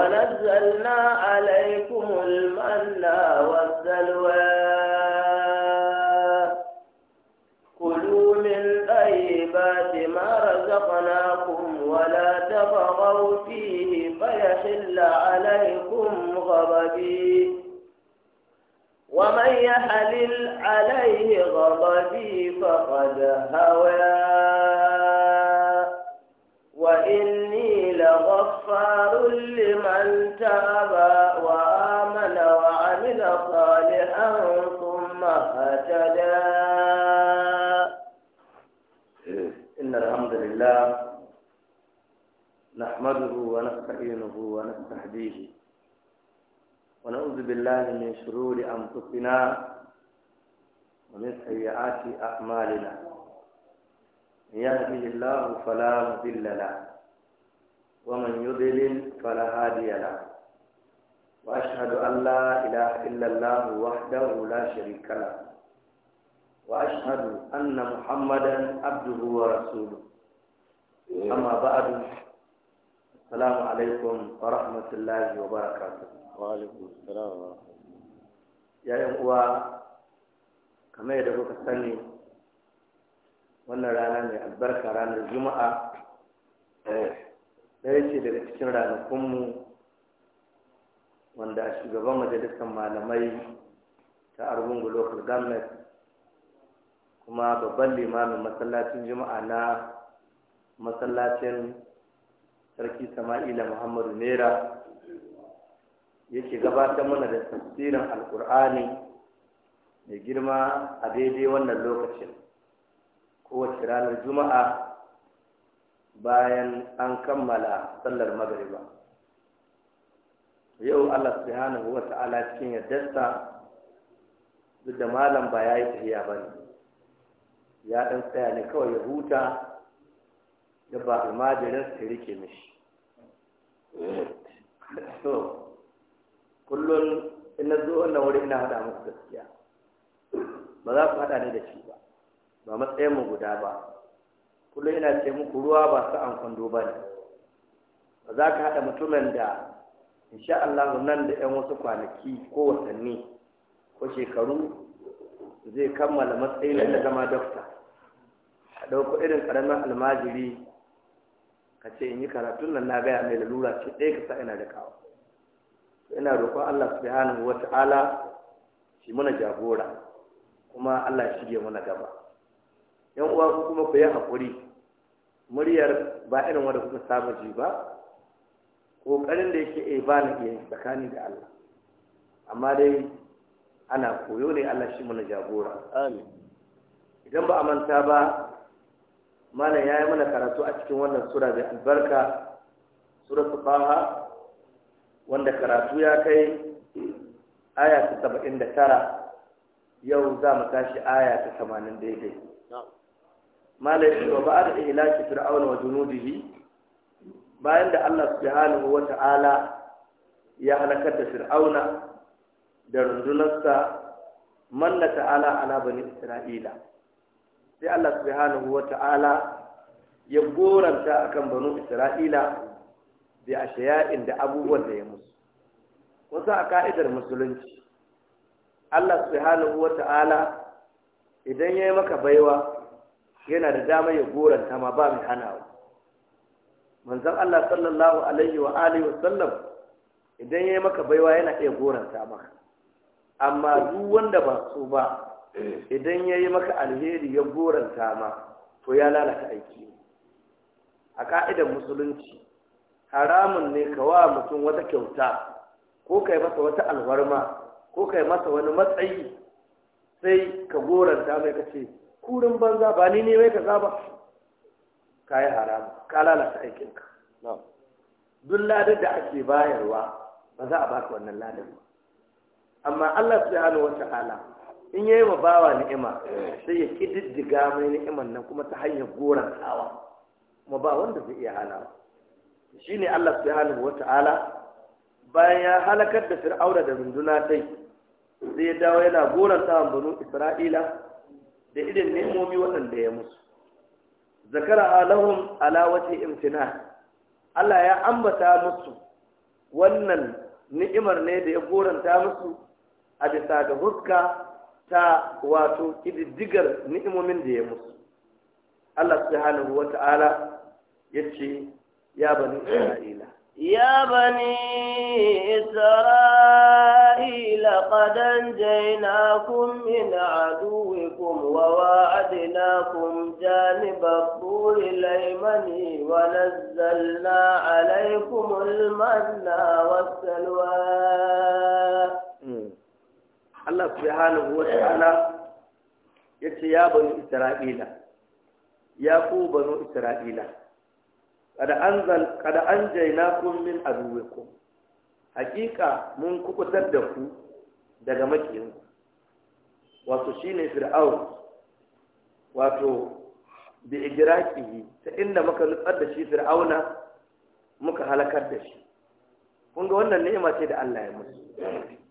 ونزلنا عليكم المنى والسلوى كلوا من طيبات ما رزقناكم ولا تبغوا فيه فيحل عليكم غضبي ومن يحلل عليه غضبي فقد هواه غفار لمن تاب وآمن وعمل صالحا ثم اهتدى إن الحمد لله نحمده ونستعينه ونستهديه ونعوذ بالله من شرور أنفسنا ومن سيئات أعمالنا من يهده الله فلا مضل له ومن يضلل فلا هادي له وأشهد أن لا إله إلا الله وحده لا شريك له وأشهد أن محمدا عبده ورسوله أما بعد السلام عليكم ورحمة الله وبركاته وعليكم السلام ورحمة الله يا أيها kamar yadda kuka sani wannan rana mai albarka ranar juma'a ɗaya ce daga cikin ranakunmu wanda a shugaban majalisar malamai ta argungu local government kuma babban limamin masallacin juma'a na masallacin sarki sama'ila muhammadu naira yake gabatar mana da tafsirin alkur'ani mai girma a daidai wannan lokacin kowace ranar juma'a bayan an kammala sallar magariba yau Allah subhanahu wa ta'ala cikin yaddarsa duk da malam ba ya yi tafiya ba ne ya ɗan tsaya ne kawai ya huta da ba almajirin su rike mishi so kullum ina zo wannan wuri ina haɗa muku gaskiya ba za ku haɗa ni da shi ba ba matsayin mu guda ba kullum ina ce muku ruwa ba su an kwando ba ne ba za ka haɗa mutumin da insha Allah nan da 'yan wasu kwanaki ko watanni ko shekaru zai kammala matsayin da zama dokta a ɗauko irin ƙaramin almajiri ka ce in yi karatun nan na gaya mai lalura ce ɗaya ka sa ina da kawo ina roƙon Allah subhanahu wata ta'ala shi mana jagora kuma Allah shige mana gaba yan uwa ku kuma ku yi hakuri muryar ba irin wanda kuka saba ji ba ƙoƙarin da yake a eh, ba na iya tsakani da Allah amma dai ana koyo ne Allah shi mana jagora idan ba a manta ba malam ya yi mana karatu a cikin wannan sura da albarka sura tafaha wanda karatu ya kai aya ta saba'in da tara yau za mu tashi aya ta tamanin daidai malai wa da ihlaki fir'auna wa junudihi bayan da Allah subhanahu wa ta'ala ya halakar da fir'auna da rundunarsa manna ta'ala ala bani isra'ila sai Allah subhanahu wa ta'ala ya goranta akan banu isra'ila bi ashiya'in da abubuwan da ya musu wasu a ka'idar musulunci Allah subhanahu wa ta'ala idan ya yi maka baiwa yana da dama ya goranta ma ba mai hanawa manzon Allah sallallahu alaihi wa alihi wa sallam idan ya yi maka baiwa yana iya goranta maka amma duk wanda ba so ba idan ya yi maka alheri ya goranta ma to ya lalata aiki a ka'idar musulunci haramun ne ka wa mutum wata kyauta ko kai masa wata alwarma ko kai masa wani matsayi sai ka goranta mai ka ce kurin banza ba ni ne mai ka ba ka yi haramu ka lalata aikinka duk ladar da ake bayarwa ba za a baka wannan ladar ba amma Allah ya wata wata'ala in yi wa bawa ni'ima sai ya kididdiga mai ni'iman nan kuma ta hanyar gorantawa kuma ba wanda zai iya hana shine Allah subhanahu wata'ala bayan ya halakar da fir'auna da runduna dai sai ya dawo yana goron tsawon banu isra'ila da irin nemomi waɗanda ya musu zakara alahum ala wace imtina Allah ya ambata musu wannan ni'imar ne da ya goranta musu a bisa ga huska ta wato ƙididdigar ni'imomin da ya musu Allah subhanahu wa ta'ala ya ce ya bani isra'ila يا بني إسرائيل قد أنجيناكم من عدوكم وواعدناكم جانب الطور الأيمن ونزلنا عليكم المنى والسلوى الله سبحانه وتعالى يا بني إسرائيل يا بنو إسرائيل kada anzal kada anjaynakum min aduwikum hakika mun kukutar da ku daga makiyinku wato shine fir'aun wato bi igraqihi ta inda muka nutsar da shi fir'auna muka halakar da shi kun ga wannan ni'ima ce da Allah ya musu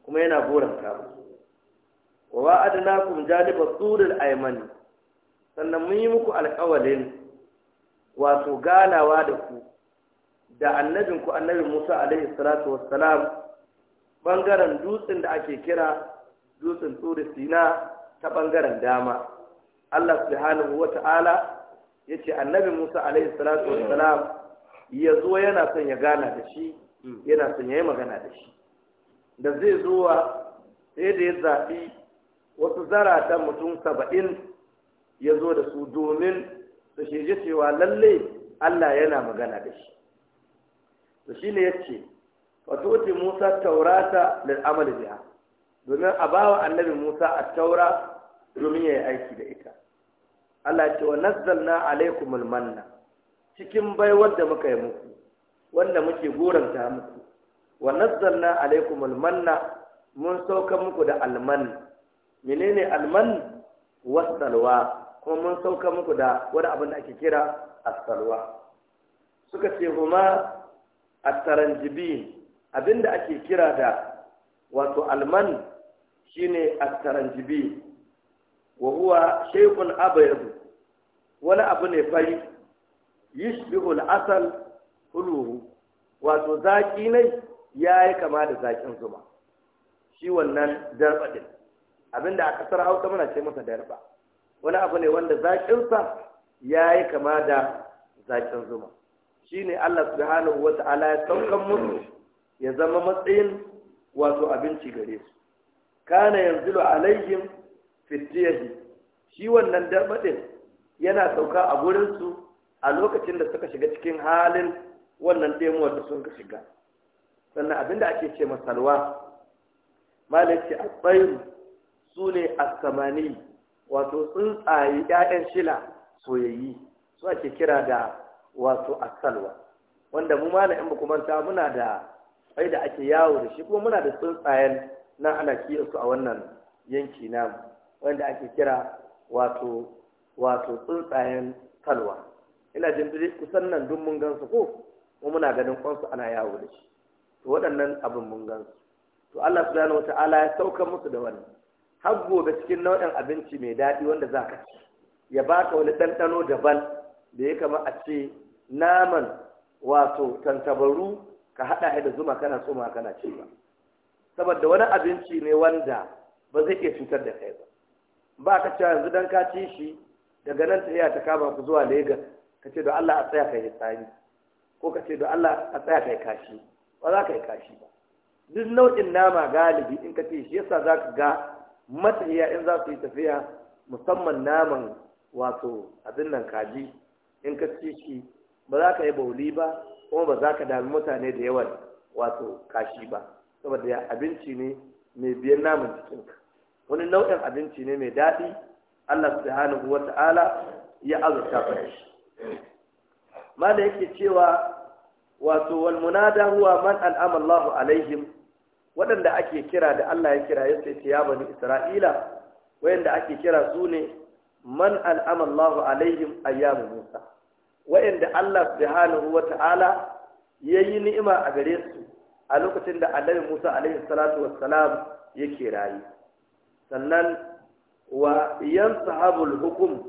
kuma yana buran ka wa wa'adnakum janiba turil aymani sannan mun yi muku alƙawalin wato ganawa da ku da annabinku annabi Musa alaihi salatu wassalam bangaren dutsen da ake kira dutsen Turi Sina ta bangaren dama Allah subhanahu wata'ala yace annabi Musa alaihi salatu wassalam ya zo yana son ya gana da shi yana son ya yi magana da shi da zai zuwa sai da ya zafi wasu zaratan mutum saba'in ya zo da su domin shi shirye cewa lalle Allah yana magana da shi to shine yace fatuti Musa taurata lil amali biha domin a bawa annabi Musa at-taura domin yayi aiki da ita Allah ya ce wa nazzalna alaikumul manna cikin baiwar da muka yi muku wanda muke goranta muku wa nazzalna alaikumul manna mun sauka muku da alman menene alman wasalwa Kuma mun sauka muku da wani abin da ake kira asalwa suka ce huma attaranjibin abinda ake kira da wato alman shine attaranjibin wa huwa shaykhun abyad wani abu ne fari yishbihu al-asal huluhu wato zaki ne yayi kama da zakin zuma shi wannan darbadin abinda a ƙasar Hausa muna ce masa darba wani abu ne wanda zaƙinsa ya yi kama da zaƙin zuma shi ne Allah hana Wata ala ya saukan musu ya zama matsayin wato abinci gare su kana yanzu alaihim fitiyahi shi wannan darbaɗin yana sauka a gurinsu a lokacin da suka shiga cikin halin wannan ɗemuwar da sun ka shiga sannan abinda ake ce masalwa malaki a tsayin su ne a samani wato tsuntsaye ƴaƴan shila soyayyi su ake kira da wato asalwa wanda mu ma in baku manta muna da sai da ake yawo da shi kuma muna da tsuntsayen nan ana kiyon su a wannan yanki na wanda ake kira wato wato tsuntsayen salwa ina jin duk kusan nan duk mun gansu ko mu muna ganin kwansu ana yawo da shi to waɗannan abin mun gansu to Allah subhanahu ta'ala ya sauka musu da wannan har gobe cikin nau'in abinci mai daɗi wanda za ka ci ya ba ka wani ɗanɗano daban da ya kama a ce naman wato tantabaru ka haɗa da zuma kana tsoma kana ci ba saboda wani abinci ne wanda ba zai iya cutar da kai ba ba ka cewa yanzu dan ka ci shi daga nan ta ta kama ku zuwa Legas ka ce da Allah a tsaya kai tsari ko ka ce da Allah a tsaya kai kashi ba za ka yi kashi ba duk nau'in nama galibi in ka ce shi yasa za ka ga matahiya in za su yi tafiya musamman naman wato abin nan kaji in ka ci shi ba za ka yi bauli ba kuma ba za ka dami mutane da yawan wato kashi ba saboda ya abinci ne mai biyan naman cikinka wani nau'in abinci ne mai daɗi Allah subhanahu wata'ala ya azurta ba shi ma da yake cewa wato wal munada huwa man al'ama alaihim waɗanda ake kira da Allah ya kira ya ce ya bani Isra'ila wayanda ake kira su ne man al'ama Allah alaihim ayyamu Musa wayanda Allah subhanahu wata'ala yayi ni'ima a gare su a lokacin da Annabi Musa alaihi salatu wassalam yake rayi sannan wa yansahabul hukum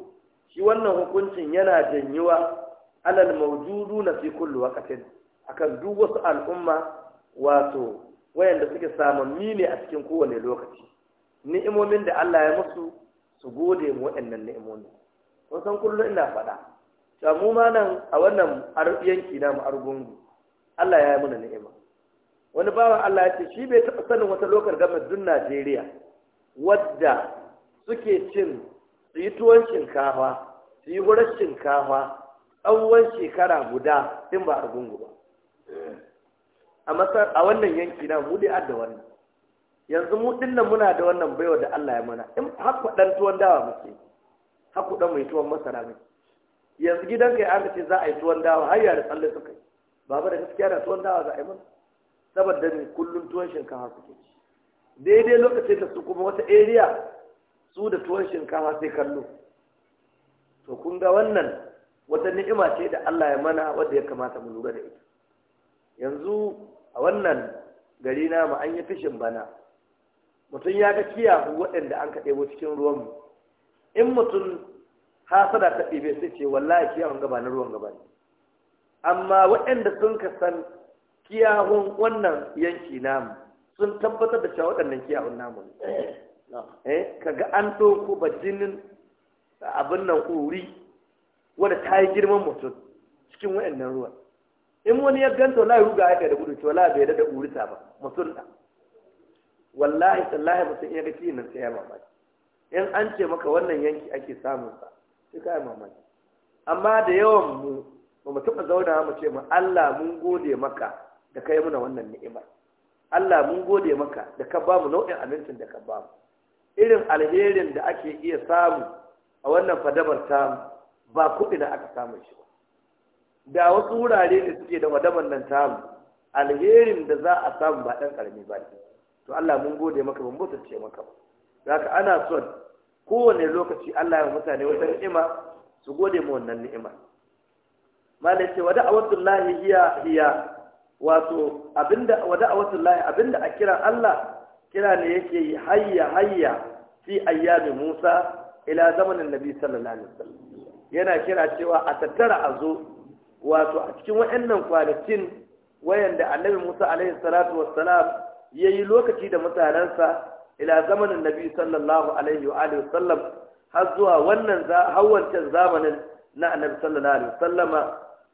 shi wannan hukuncin yana janyuwa alal mawjuduna fi kulli waqtin akan duk wasu al'umma wato wayanda suke ni ne a cikin kowane lokaci ni'imomin da Allah ya musu su gode mu waɗannan ni'imomi kun san kullum ina faɗa cewa mu ma nan a wannan yanki na mu argungu Allah ya yi mana ni'ima wani bawa Allah ya ce shi bai taɓa sanin wata lokar gamar dun Najeriya wadda suke cin su tuwon shinkafa su yi wurin shinkafa tsawon shekara guda in ba argungu ba a masar a wannan yanki na mu dai adda wannan yanzu mu dinnan muna da wannan baiwa da Allah ya mana in har dan tuwon dawa muke har dan mai tuwon masara muke yanzu gidan kai an ce za a yi tuwon dawa har ya tsalle suka yi baba da gaskiya da tuwon dawa za a yi mana saboda ni kullun tuwon shinkafa suke ci daidai lokacin da su kuma wata area su da tuwon shinkafa sai kallo to kun ga wannan wata ni'ima ce da Allah ya mana wadda ya kamata mu lura da ita yanzu a wannan gari namu an yi fishin bana mutum ya ga kiyahu waɗanda an ka ɗebo cikin ruwanmu in mutum hasada ta ɗebe sai ce wallahi kiyahun gaba na ruwan gaba ne amma waɗanda sun ka san kiyahun wannan yanki namu sun tabbatar da cewa waɗannan kiyahun namu ne eh, kaga an ɗauko jinin abin nan ƙuri wadda ta yi girman mutum cikin waɗannan ruwan in wani ya ganta wallahi ruga ya da gudu cewa wallahi bai da urita ba musulta wallahi tallahi mutum iya ga cikin nan sai ya mamaki in an ce maka wannan yanki ake samun sa sai ka yi mamaki amma da yawan mu ba mu taɓa zauna mu ce mu Allah mun gode maka da kai muna wannan ni'imar Allah mun gode maka da ka bamu nau'in abincin da ka bamu irin alherin da ake iya samu a wannan fadabar tamu ba kuɗi da aka samu shi ba da wasu wurare da suke da wadaban nan samu alherin da za a samu ba ɗan ƙarami ba to Allah mun gode maka mun bauta ce maka ba zaka ana son kowane lokaci Allah ya mutane wata ni'ima su gode mu wannan ni'ima malai ce wa da'awatullahi hiya hiya wato abinda wa da'awatullahi abinda a kira Allah kira ne yake yi hayya hayya fi ayyami Musa ila zamanin Nabi sallallahu alaihi wasallam yana kira cewa a tattara a zo wato a cikin waɗannan kwanakin da annabi Musa alaihi salatu wassalam yayi lokaci da mutanansa ila zamanin nabi sallallahu alaihi wa alihi wasallam har zuwa wannan hawancan zamanin na annabi sallallahu alaihi wasallama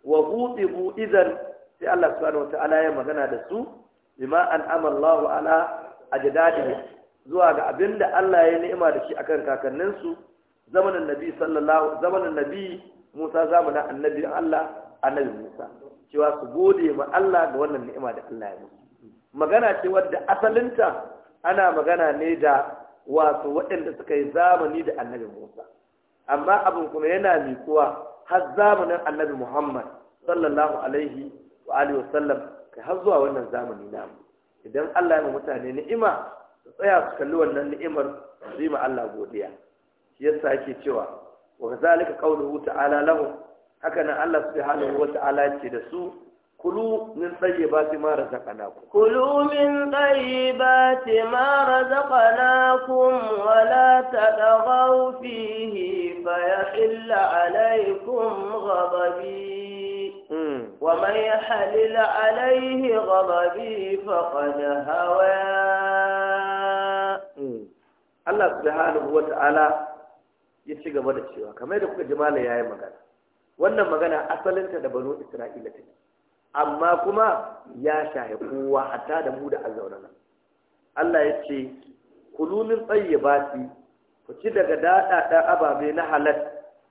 wa hutibu idan sai Allah subhanahu wataala ya magana da su bima amara Allah ala ajdadihi zuwa ga abinda Allah ya ni'ima da shi akan kakanninsu zamanin nabi sallallahu zamanin nabi Musa zamanin annabi Allah annabi Musa cewa su gode ma Allah ga wannan ni'ima da Allah ya musu magana ce wadda asalinta ana magana ne da wato waɗanda suka yi zamani da annabi Musa amma abin kuma yana mikuwa har zamanin annabi Muhammad sallallahu alaihi wa alihi wasallam kai har zuwa wannan zamani na idan Allah ya ma mutane ni'ima su tsaya su kalli wannan ni'imar su yi ma Allah godiya shi yasa yake cewa wa kazalika qawluhu ta'ala lahum haka nan Allah subhanahu wata'ala ce da su kulu min ba tayyibati ma ku. kulu min ba tayyibati ma razaqnakum wa la tadghaw fihi fayahilla alaykum ghadabi hmm. wa man yahlil alayhi ghadabi faqad hawa hmm. Allah subhanahu wata'ala ya ci gaba da cewa kamar yadda kuka ji ya yi magana wannan magana asalinta da banu isra'ila ce. amma kuma ya shahi kowa hatta da mu da azaurana Allah ya ce kulunin tsayyabati ku ci daga daɗaɗa ababe na halal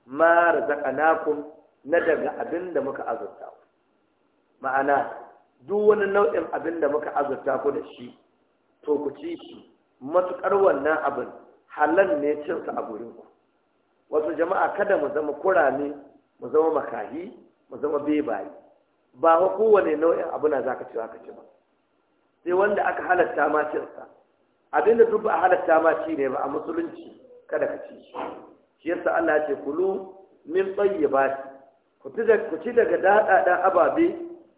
ma razaqnakum na daga abin muka azurta ku ma'ana duk wani nau'in abin da muka azurta ku da shi to ku ci shi matuƙar wannan abin halal ne cinsa a gurinku wasu jama'a kada mu zama kurame mu zama makahi mu zama bebaye ba wa kowane nau'in abu na zaka ci zaka ci ba sai wanda aka halatta ma cinsa abinda duk a halatta ma ci ne ba a musulunci kada ka ci shi yasa Allah ya ce kulu min tayyibati ku ci daga ku ci daga dadadan ababe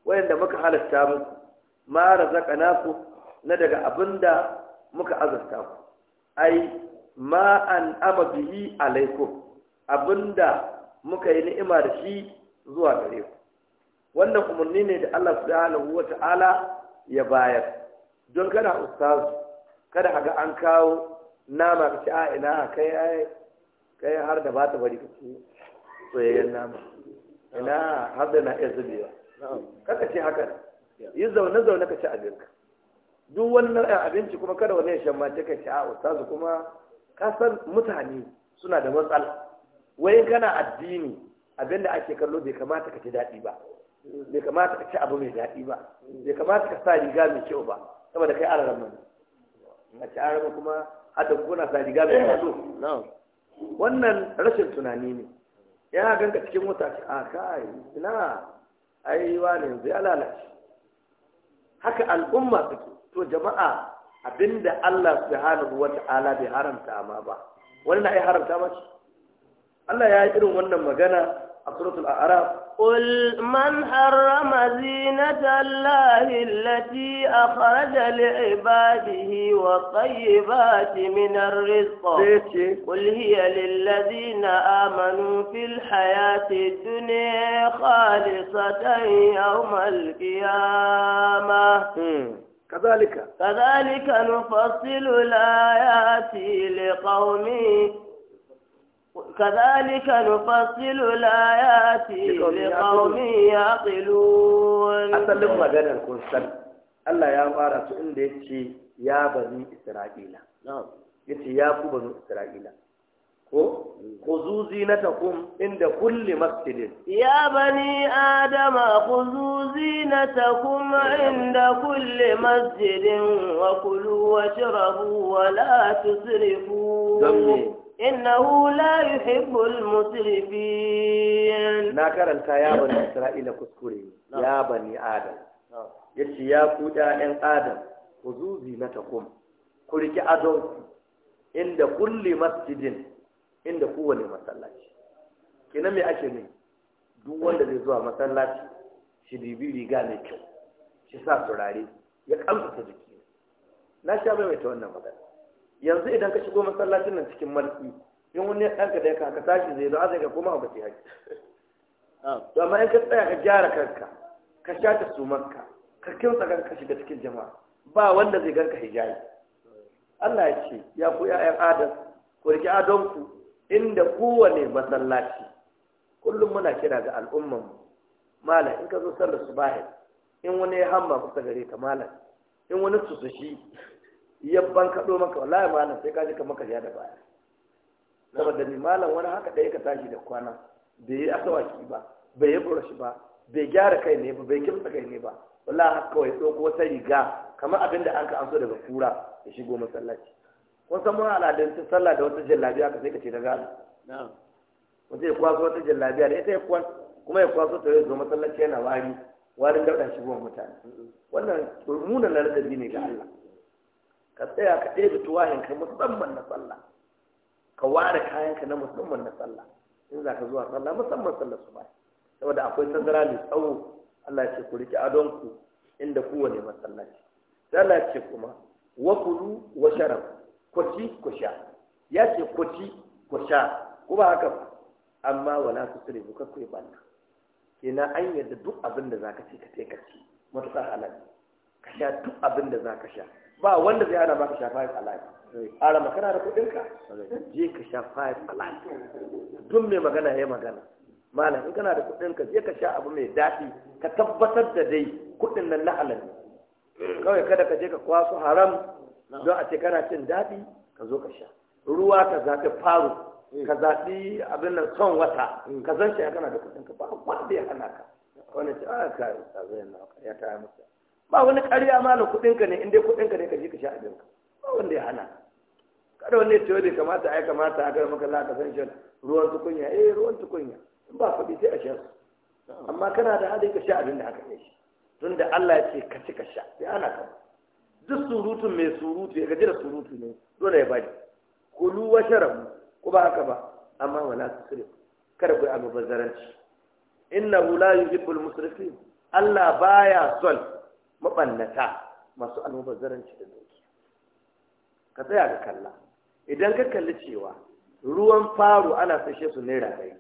wayanda muka halatta mu ma razaqnaku na daga abinda muka azurta ku ai ma an ama alaikum abinda muka yi ni'ima da shi zuwa gare ku wannan umarni ne da Allah subhanahu wa ta'ala ya bayar don kana ustazu kada haga an kawo nama ka ce a ina kai ai kai har da ba ta bari ka ci soyayyen nama ina har da na iya zubewa kaka ce haka yi zaune zaune ka ci abin ka. duk wannan abinci kuma kada wani ya shammace ka ci a ustazu kuma san mutane suna da matsala wai kana addini abinda ake kallo bai kamata ka ci daɗi ba bai kamata ka ci abu mai daɗi ba bai kamata ka sa riga mai kyau ba saboda kai araran mani a ci araran kuma hada kuna sa riga mai kwazo eh, wannan rashin tunani ne yana ganka cikin wata ce a kai ina ai wani yanzu ya lalace haka al'umma suke to jama'a abinda Allah subhanahu wata'ala bai haramta ma ba wani na ai haramta ma shi الله ya من مجانا أسرة الأعراب قل من حرم زينة الله التي أخرج لعباده والطيبات من الرزق قل هي للذين آمنوا في الحياة الدنيا خالصة يوم القيامة كذلك كذلك نفصل الآيات لقومي كذلك نفصل الآيات لقوم يعقلون أسلم مجانا كن سن الله يا مارا سئن ديتشي يا بني إسرائيل يتي يا بني إسرائيل ko khuzu zinatakum inda kulli masjidin ya bani adama khuzu zinatakum inda kulli masjidin wa kulu washrabu wa la tusrifu innahu la yuhibbul musulmi. na karanta ya bani isra'ila kuskure ya bani adam yace ya ku ƴaƴan adam ku zuzi mata takum ku riki adon inda kulli masjidin inda kowane masallaci kenan me ake ne duk wanda zai zuwa masallaci shi dibi riga mai kyau shi sa turare ya kamsa jiki na sha mai ta wannan magana yanzu idan ka shigo masallacin nan cikin mulki, in wani ya ɗanka da ka tashi zai zo azai ka koma ba ce haƙi to amma in ka tsaya ka gyara kanka ka shata sumarka ka kimsa kanka shiga cikin jama'a ba wanda zai ganka hijabi Allah ya ce ya ku ya'yan adam ku riki adon ku. inda kowane masallaci kullum muna kira ga al'umman mu malam in ka zo sallar subahi in wani ya hamba kusa gare ka malam in wani su su shi. yabban kaɗo maka wallahi mana sai ka ji kamar ka ya da baya saboda ni malam wani haka ɗaya ka tashi da kwana bai yi asawaki ba bai yi burashi ba bai gyara kai ne ba bai kimsa kai ne ba wallahi haka kawai ko wata riga kamar abin da an ka amso daga kura ya shigo masallaci kun san mun al'adun ta sallah da wata jallabiya ka sai ka ce da gano mutum ya kwaso wata jallabiya da ita ya kwan kuma ya kwaso ta zo masallaci yana wari warin dauɗa shigo mutane wannan muna ladabi ne ga Allah ka tsaya ka ɗebe tuwahinka musamman na sallah ka ware kayanka na musamman na sallah in za ka zuwa sallah musamman sallah su bai saboda akwai tazara mai tsawo Allah ya ce ku riƙe adonku inda kowane masallaci sai Allah ya ce kuma wa kulu wa sharab ku ci ku sha ya ce ku ci ku sha ku ba haka ba amma wala su tsire ku kakku yi banda kenan an yadda duk abin da za ka ci ka ce ka ci matuƙar halal ka sha duk abin da za ka sha ba wanda zai ana maka a alaji ara makana da kudinka je ka a alaji Tun mai magana ya magana malam in kana da kudinka je ka sha abu mai daɗi ka tabbatar da dai kudin nan na alal kawai kada ka je ka kwaso haram don a ce kana cin daɗi ka zo ka sha ruwa ka zaɓi faru ka zaɓi abin nan son wata ka zan shi kana da kudinka ba wanda ya hana ka wani ce a ah, ka yi na ya ta yi ba wani ƙarya ma da kuɗinka ne in dai kuɗinka ne ka je ka sha abinka ba wanda ya hana kada wani ya ce wanda kamata ai kamata a gara maka laka ka san shan ruwan tukunya eh ruwan tukunya in ba kuɗi sai a sha su amma kana da hali ka sha abin da aka yi shi tun da Allah ya ce ka ci ka sha ya ana kama duk surutun mai surutu ya gaji da surutu ne dole ya bari kulu wa sharabu ko ba haka ba amma wala tusrif kada ku yi bazaranci innahu la yuhibbul musrifin Allah baya son mabannata masu almubazzaranci da doki ka tsaya ga kalla idan ka kalli cewa ruwan faru ana sashe su naira ɗaya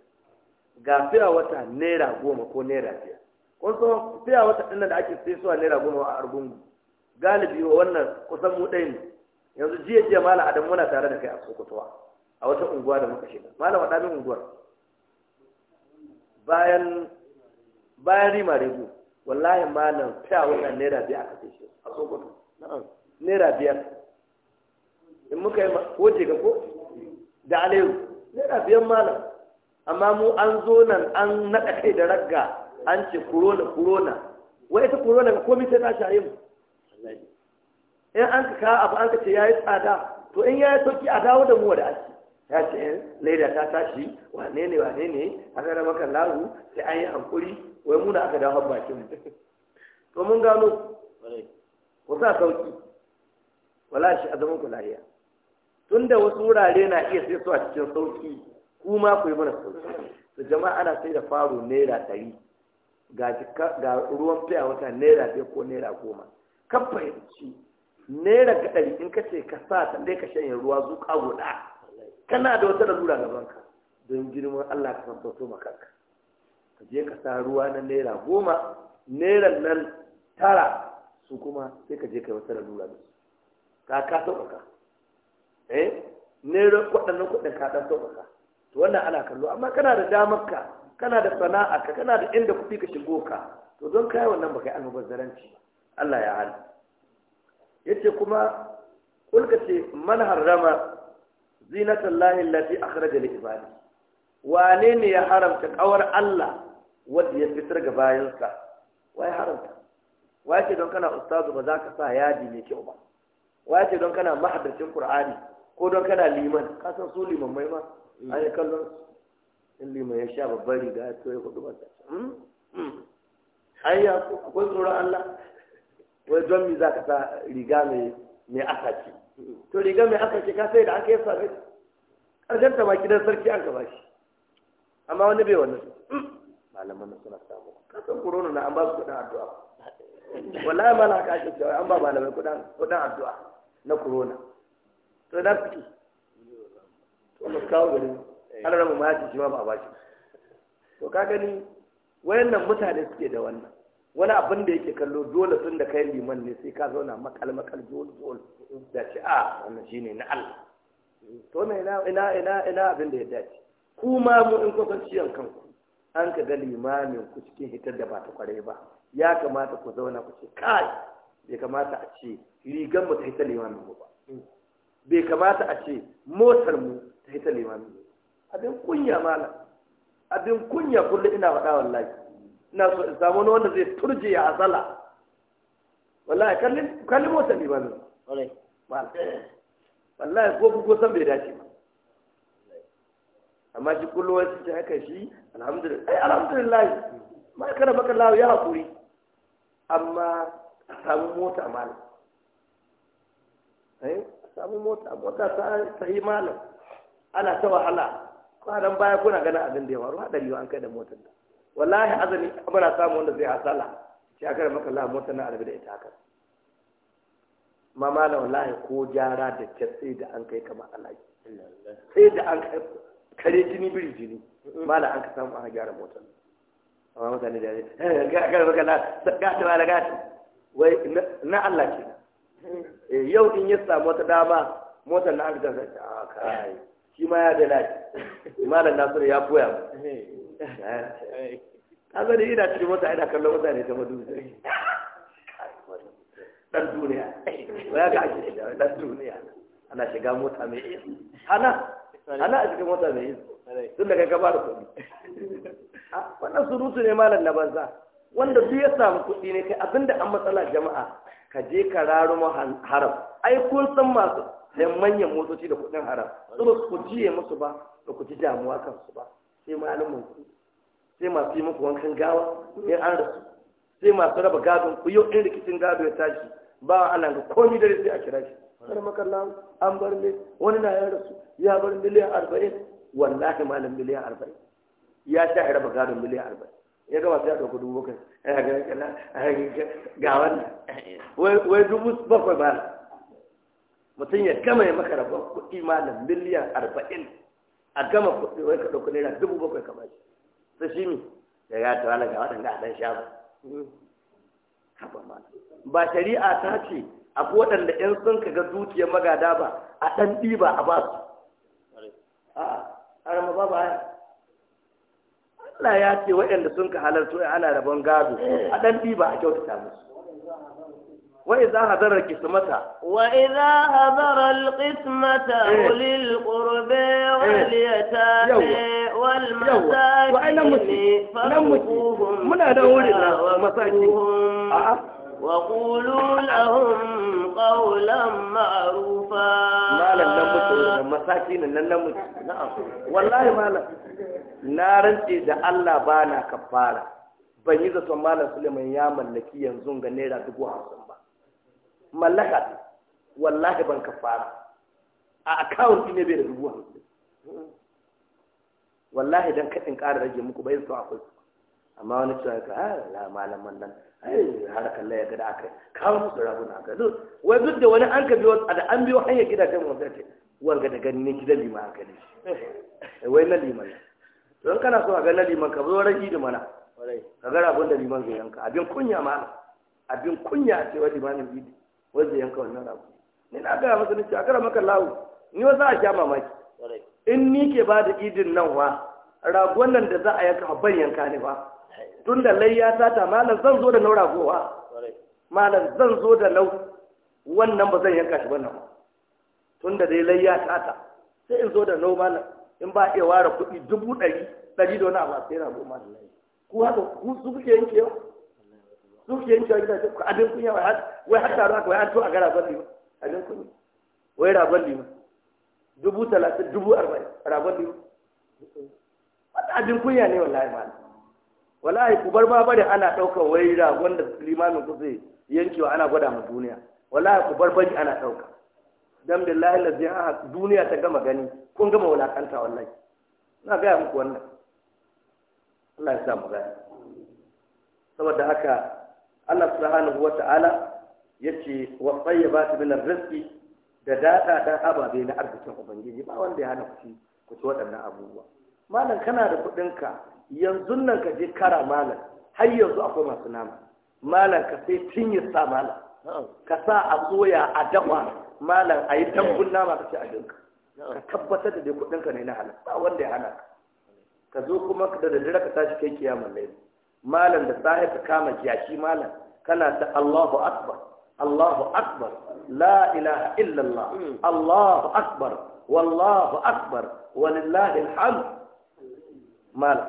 ga fiya wata naira goma ko naira biyar ko kuma fiya wata ɗin da ake sai suwa naira goma a argungu galibi wa wannan kusan mu ɗaya ne yanzu jiya jiya malam adam muna tare da kai a sokotowa a wata unguwa da muka shiga malam wadamin unguwar bayan bayan rima rigu wallahi malam fiya wannan naira biyar aka sai shi a sokoto naira biyar in muka yi waje ga ko da alayu naira biyar malam amma mu an zo nan an naɗa kai da ragga an ce corona corona wai ita corona ga komai sai ta shaye mu in an ka abu an ka ce yayi tsada to in yayi sauki a dawo da mu wa da aski ya ce laida ta tashi wane ne wane ne aka rama kan lahu sai an yi hankuri wai muna aka dawo bakin to mun gano ku sa sauki wala shi a ku lahiya tunda wasu wurare na iya sai su a cikin sauki kuma ku yi mana sauki to jama'a ana sai da faro naira ɗari ga ruwan fiya wata naira ɗaya ko naira goma ka fahimci naira ga ɗari in ka ce ka sa ta ka shanye ruwa zuƙa guda kana da wata lalura gaban ka don girman Allah ka san sauto makanka ka je ka sa ruwa na naira goma naira nan tara su kuma sai ka je ka yi wata lalura da su ka ka sauƙaƙa eh naira waɗannan kuɗin ka ɗan sauƙaƙa to wannan ana kallo amma kana da damar ka kana da sana'a ka kana da inda kuɗi ka shigo ka to don kai wannan baka yi almubazzaranci Allah ya hana yace kuma kulka ce man harrama zinatan lahin lati akhraja li ibadi wane ne ya haramta kawar Allah wanda ya fitar ga bayansa wai haramta wai ce don kana ustazu ba za ka sa yadi mai kyau ba wai ce don kana mahaddacin qur'ani ko don kana liman ka san su liman mai ma mm. an yi kallon in liman ya sha babban riga ya to ya hudu ba mm, mm. ai ya akwai tsoron Allah wai don mi za ka sa riga mai mai asaki to riga mai aka ce ka sai da aka yi sami ƙarshen ta ma gidan sarki an gaba shi amma wani bai wannan mm. malaman suna samu kasan korona na an ba su kudin addu'a wallahi ma na kashe cewa an ba malamai kudin kudin addu'a na corona to na fiki to mu kawo gari eh. an ramu ma ya ci shi ma ba a ba shi to ka gani wayannan mutane suke da wannan wani abin da yake kallo dole tun da kai liman ne sai ka zauna makal makal jol jol da ci a ah, wannan shine na Allah to ne ina ina ina ina abin da ya dace ku ma mu in ku san ciyan kanku an ka ga limamin ku cikin hitar da ba ta kware ba ya kamata ku zauna ku ce kai bai kamata a ce rigan mu ta hita limamin mu ba bai kamata a ce motar mu ta hita limamin mu abin kunya mala abin kunya kullu ina faɗa wallahi ina so in samu wani wanda zai turje ya azala wallahi kalli mota ne ba ne wallahi ko ko san bai dace ba amma shi kullum wani ta haka shi alhamdulillah ai eh, alhamdulillah ma kana maka lawo ya haƙuri. amma a samu mota malam eh samu mota mota ta sahi malam ana ta wahala kwanan baya kuna gana abin da ya faru haɗari an kai da motar da wallahi azumi muna samu wanda zai asala Shekarar aka rama kallon mota na arabi da ita haka ma mala wallahi ko jara da ta sai da an kai kama alaji sai da an kai kare jini biri jini Mala an ka samu an gyara motar amma mutane da ne eh, ga ga ga ta mala ga wai na Allah ke hmm. eh, yau in ya samu wata dama motar na an ka sai a ah, kai shi ma ya da lafi malam nasiru ya koya ka zane ina cikin mota ina kallon wata ne ta madu dan duniya ba ya ga ake shiga dan duniya ana shiga mota mai iya ana ana a cikin mota mai iya tun daga gaba da kuɗi wannan surutu ne malam na banza wanda duk ya samu kuɗi ne kai abinda an matsala jama'a ka je ka mu haram ai kun san masu sayan manyan motoci da kudin haram su ba ku jiye musu ba ba ku ji damuwa kan su ba sai malamin ku sai masu yi muku wankan gawa in an rasu sai masu raba gadon ku yau in rikicin gado ya tashi ba ana ga komi dare sai a kira shi wani makalla an bar ne wani na ya rasu ya bar miliyan arba'in wallahi malam miliyan arba'in ya sha raba gadon miliyan arba'in ya gaba sai ya ɗauki dubu bakwai a ga ga wannan wai dubu bakwai ba mutum ya gama ya maka rabon kuɗi malam miliyan arba'in a gama kuɗi wai ka ɗauki naira dubu bakwai kama bashi sai shi mi da ya tawala ga waɗanda a ɗan sha ba haba malam ba shari'a ta ce akwai waɗanda ƴan sun ka ga dukiyar magada ba a ɗan ɗiba a ba su a'a har ba ba ba Allah ya ce waɗanda sun ka halarto ya ana rabon gado a ɗan ɗiba a kyautata musu وإذا هدر القسمة وإذا هدر القسمة أولي القربى واليتامى والمساكين فارقوهم منا دورنا مساكين وقولوا لهم قولا معروفا ما لن نمت مساكين لن نمت نعم والله ما لن نارن إذا الله بانا كفارة ban yi zaton malam suleiman ya mallaki yanzu ga naira dubu hamsin ba mallaka wallahi ban kafara a akawun ne bai da dubu hamsin wallahi dan kaɗin ƙara rage muku bai zuwa akwai amma wani cewa ka ah, a malaman nan ai har Allah ya gada da aka kawo musu rabuna ka duk wai duk da wani an ka biyo da an biyo hanyar gidajen gwamnati wanga da ganin ne gidan liman aka ne eh, wai na liman don kana so a ga na liman ka zo rage da mana ka ga rabon da liman zai yanka abin kunya ma abin kunya a cewa limanin bidi wani zai yanka wannan rabu ni na ga masa nace a kara maka lawo ni wa za a sha mamaki in ni ke ba da idin nan wa ragon nan da za a yanka ban yanka ne ba tun da ya sata malam zan zo da nau ragowa malam zan zo da lau wannan ba zan yanka shi wannan tun da dai lai ya sata sai in zo da lau malam in ba iya ware kuɗi dubu ɗari ɗari da wani abu sai da malam ku haka ku su kuke yanke yau su kuke yanke yau gidaje ku abin kunya wai har taro haka wai an to a ga balli ma. abin kunya wai ragon lima dubu talatin dubu arba'in ragon lima wata abin kunya ne wallahi malam wallahi ku bar ma bari ana ɗaukar wai ragon wanda limamin ku zai yankewa ana gwada ma duniya wallahi ku bar bari ana ɗauka dan billahi lazi a duniya ta gama gani kun gama wulakanta wallahi na gaya muku wannan Allah ya sa mu gani saboda haka Allah subhanahu wa ta'ala yace wa tayyibati min ar-rizqi da dada da ababe na arzikin ubangiji ba wanda ya hana ku ci ku ci waɗannan abubuwa malam kana da kuɗinka yanzu nan ka je kara malam har yanzu akwai masu nama malam ka sai yi sa malam ka sa a soya a dawa malam a yi tambun nama ka ce a jinka ka tabbatar da dai kuɗinka ne na hana ba wanda ya hana ka zo kuma da daddare ka tashi kai kiyamar lai malam da sahi ka kama jashi malam kana ta Allahu akbar Allahu akbar la ilaha illallah Allahu akbar wallahu akbar walillahi alhamd malam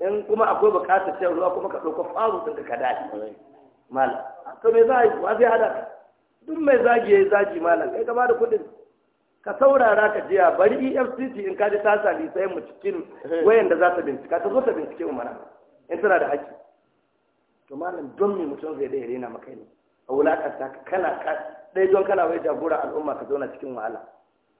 in kuma akwai bukatar shan ruwa kuma ka ɗauka faru daga ka dace malam to me za a yi wa zai hada ka duk mai zagi ya yi zagi malam kai ka ba da kuɗin ka saurara ka jiya bari efcc in ka ji tasa, sali sai mu cikin eh. wayanda za ta bincika ta zo ta bincike mu mana in tana da haƙƙi to malam don me mutum zai da rena maka ne a wulakanta ta kana ka dai don kana wai jagora al'umma ka zauna cikin wahala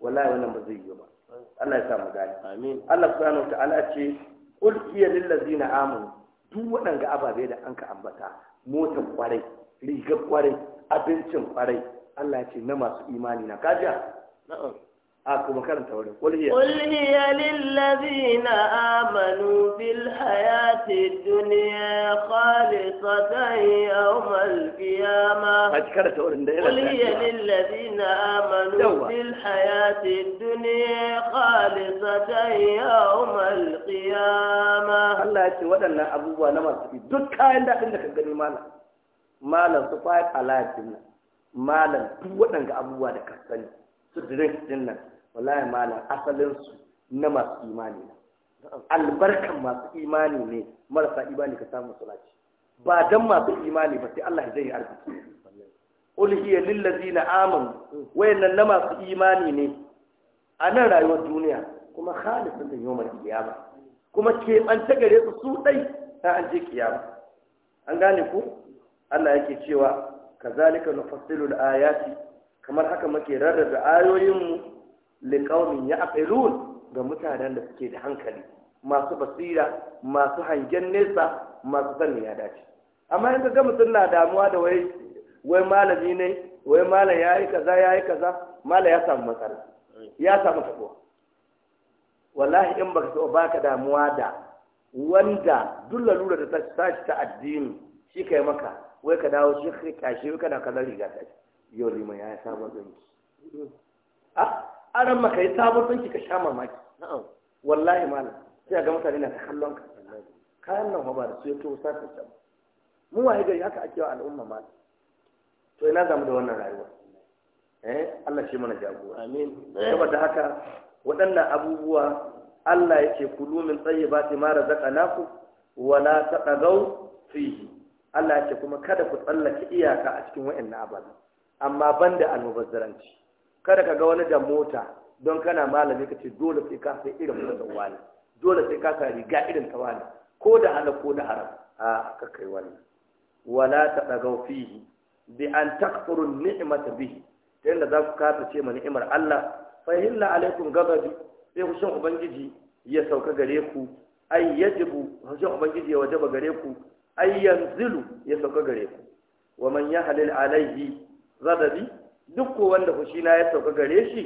wallahi wannan ba zai yi ba eh. Allah ya sa mu gani amin Allah subhanahu wa ta'ala ce ulkiya lillazina amanu duk waɗanga ababe da anka ambata motan kwarai rigar kwarai abincin kwarai Allah ya ce na masu imani na kaja na'am أكو مكان تولي قل هي قل هي للذين آمنوا في الحياة الدنيا خالصة يوم القيامة قل هي للذين آمنوا في الدنيا خالصة يوم القيامة الله يتوى لنا أبوه نمر في دكا كاين داخل لك مالا مالا سفايت على جنة مالا دوت نجا أبوه لك السنة su drinks din nan wallahi malam asalin su na masu imani ne albarkan masu imani ne marasa imani ka samu salati ba dan masu imani ba sai Allah ya janye arziki qul hiya lil ladina amanu wayannan na masu imani ne a nan rayuwar duniya kuma khalisun da yawmal qiyama kuma ke an ta gare su su dai na an je kiyama an gane ku Allah yake cewa kazalika nufassilu al-ayati kamar haka muke rarraba ayoyinmu li ya ya'qilun ga mutanen da suke da hankali masu basira masu hangen nesa masu sanin ya dace amma in ka ga mutum na damuwa da wai wai malami ne wai malam yayi kaza yayi kaza malam ya samu matsala ya samu tabuwa wallahi in baka so baka damuwa da wanda duk lalura da ta tashi ta addini shi kai maka wai ka dawo shi ka kashi kana kaza riga ta yau Rima ya yi sabon tsanki a ran maka yi sabon tsanki ka sha mamaki wallahi malam sai ga mutane na ta kallon ka kayan nan ba da su ya to sa ta can mu wa gari haka ake wa al'umma malam to ina zamu da wannan rayuwa eh Allah shi mana jagora amin saboda haka waɗannan abubuwa Allah yake kulu min tayyibati ma razaqnakum wala taqaw fihi Allah yake kuma kada ku tsallake iyaka a cikin wa'annan ababen amma ban da almubazzaranci kada ka ga wani da mota don kana malami ka ce dole sai ka sai irin motar wani dole sai ka sai riga irin ta wani ko da halal ko da haram a ka kai wannan wala ta dagau fihi bi an takfuru ni'mata bihi ta yadda za ku kafa ce ma ni'imar Allah fa hilla alaikum gabadi sai hushin ubangiji ya sauka gare ku ai yajibu hushin ubangiji ya wajaba gare ku ai yanzilu ya sauka gare ku wa man yahlil alaihi radadi duk ko wanda fushi na ya sauka gare shi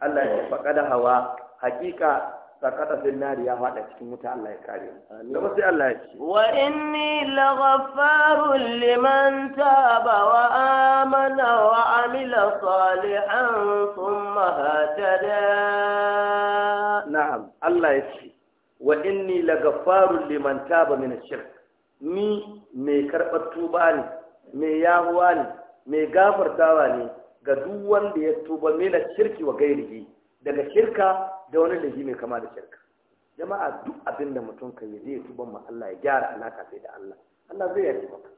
Allah ya faka da hawa hakika sakata fil nari ya fada cikin wuta Allah ya kare mu gaba sai Allah ya ce wa inni laghaffarun liman taba wa amana wa amila salihan thumma hatada na'am Allah ya ce wa inni laghaffarun liman taba min ash-shirk ni mai karɓar tuba ne mai yahuwa ne mai gafartawa ne ga duk wanda ya tuba mina shirki wa gairigi daga shirka da wani da mai kama da shirka jama'a duk abin da mutum kan yi zai tuban ma Allah ya gyara alaka sai da Allah Allah zai yarda maka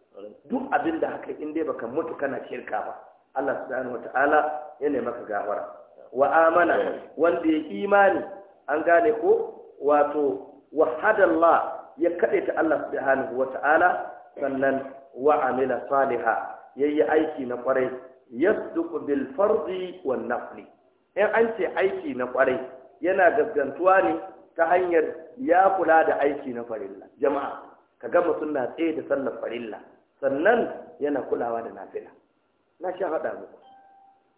duk abin da haka in dai baka mutu kana shirka ba Allah subhanahu wata'ala ya nemi maka gafara wa amana wanda ya imani an gane ko wato wahadallah ya kadaita Allah subhanahu wata'ala sannan wa amila salihah yayi aiki na kwarai yasduq bil fardi wan nafli in an ce aiki na kwarai yana gaggantuwa ne ta hanyar ya kula da aiki na farilla jama'a kaga mutum na tsaye da sallar farilla sannan yana kulawa da nafila na sha hada muku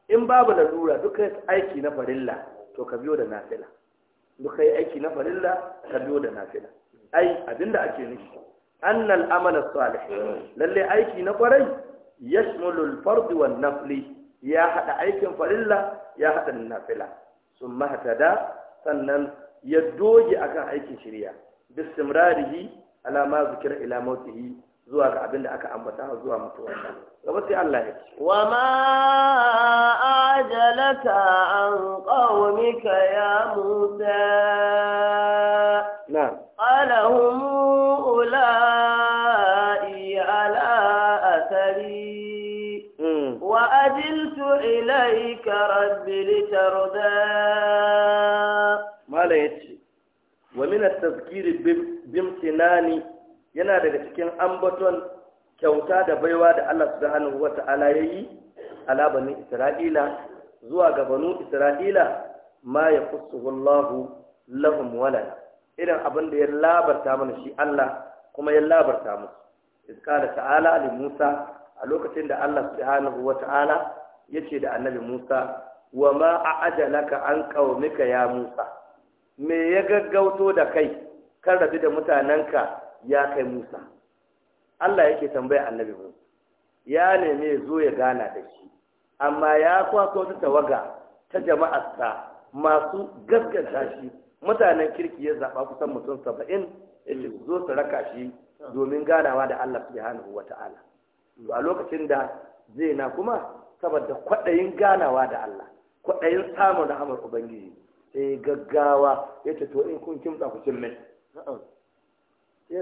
in babu lalura duka aiki na farilla to ka biyo da nafila duka yi aiki na farilla ka biyo da nafila ai abinda ake nufi annal amala salih lalle aiki na kwarai yashmulul fardu wan nafli ya hada aikin farilla ya hada nafila sun mahtada sannan ya doge akan aikin shirya bisimrarihi ala ma zikira ila mautihi zuwa ga abin da aka ambata zuwa mutuwa gaba sai Allah ya ce wa ma ajalaka an qawmika ya musa na qalahum لترضى ما لا يتشي ومن التذكير بامتناني yana daga cikin ambaton kyauta da baiwa da Allah subhanahu wata'ala yayi ala bani Isra'ila zuwa ga banu Isra'ila ma ya kusuhullahu lahum walad irin abin da ya labarta mana shi Allah kuma ya labarta musu izkala ta'ala Ali Musa a lokacin da Allah subhanahu ta'ala yace da annabi Musa wa ma a'ajalaka an qaumika ya Musa me ya gaggauto da kai kan rabi da mutanenka ya kai Musa Allah yake tambaya annabi mu ya neme zo ya gana da shi amma ya kwaso ta tawaga ta jama'arsa masu gaskanta shi mutanen kirki ya zaba kusan mutum saba'in ya zo su raka shi domin ganawa da Allah subhanahu wa ta'ala a lokacin da zai na kuma saboda kwaɗayin ganawa da Allah kwaɗayin samun rahamar ubangiji sai gaggawa ya ce to in kun kimtsa ku cin min sai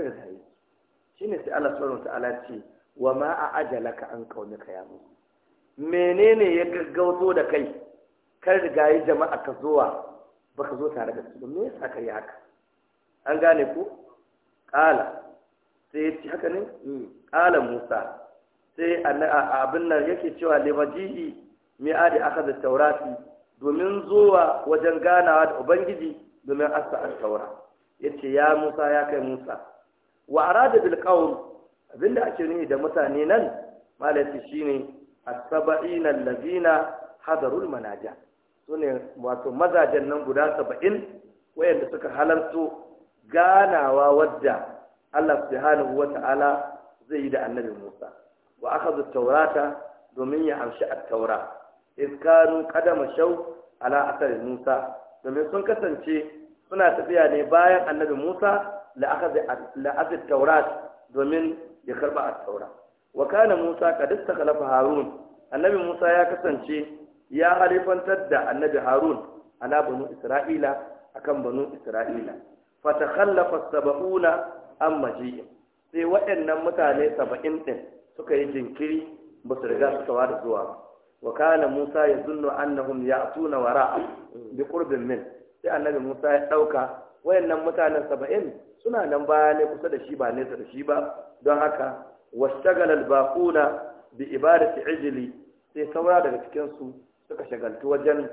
ga shi shine sai Allah ta ala ce wa ma a ajala ka an ka ya musu menene ya gaggauto da kai kar riga yi jama'a ka zuwa baka zo tare da su me yasa yi haka an gane ku, ƙala. sai ya ci haka ne hmm. Ƙala musa sai abin nan yake cewa limajihi mi'adi da taurati domin zuwa wajen ganawa da ubangiji domin asta at-taura yace ya Musa ya kai Musa wa arada rada qaum abinda ake nuni da mutane nan shi shine as-sab'ina allazina hadarul manaja sune wato mazajen nan guda saba'in? wayanda suka halarto ganawa wadda Allah subhanahu Ta'ala zai yi da annabi Musa wa akhadha at-taurata domin ya amshi a taura iskanu kadama shau ala asar Musa domin sun kasance suna tafiya ne bayan annabi Musa la'azid taurat domin ya karba a taura wa kana Musa kad istakhlafa Harun annabi Musa ya kasance ya halifantar da annabi Harun ala banu Isra'ila akan banu Isra'ila fatakhallafa sab'una an maji'in sai waɗannan mutane saba'in ɗin suka yi jinkiri ba su riga suka da zuwa ba wa kana Musa ya zunnu annahum ya'tuna wara'a bi qurbin min sai annabi Musa ya dauka wayannan mutanen saba'in suna nan baya ne kusa da shi ba nesa da shi ba don haka washtagala al-baquna bi ibadati ijli sai saura daga cikin su suka shagaltu wajen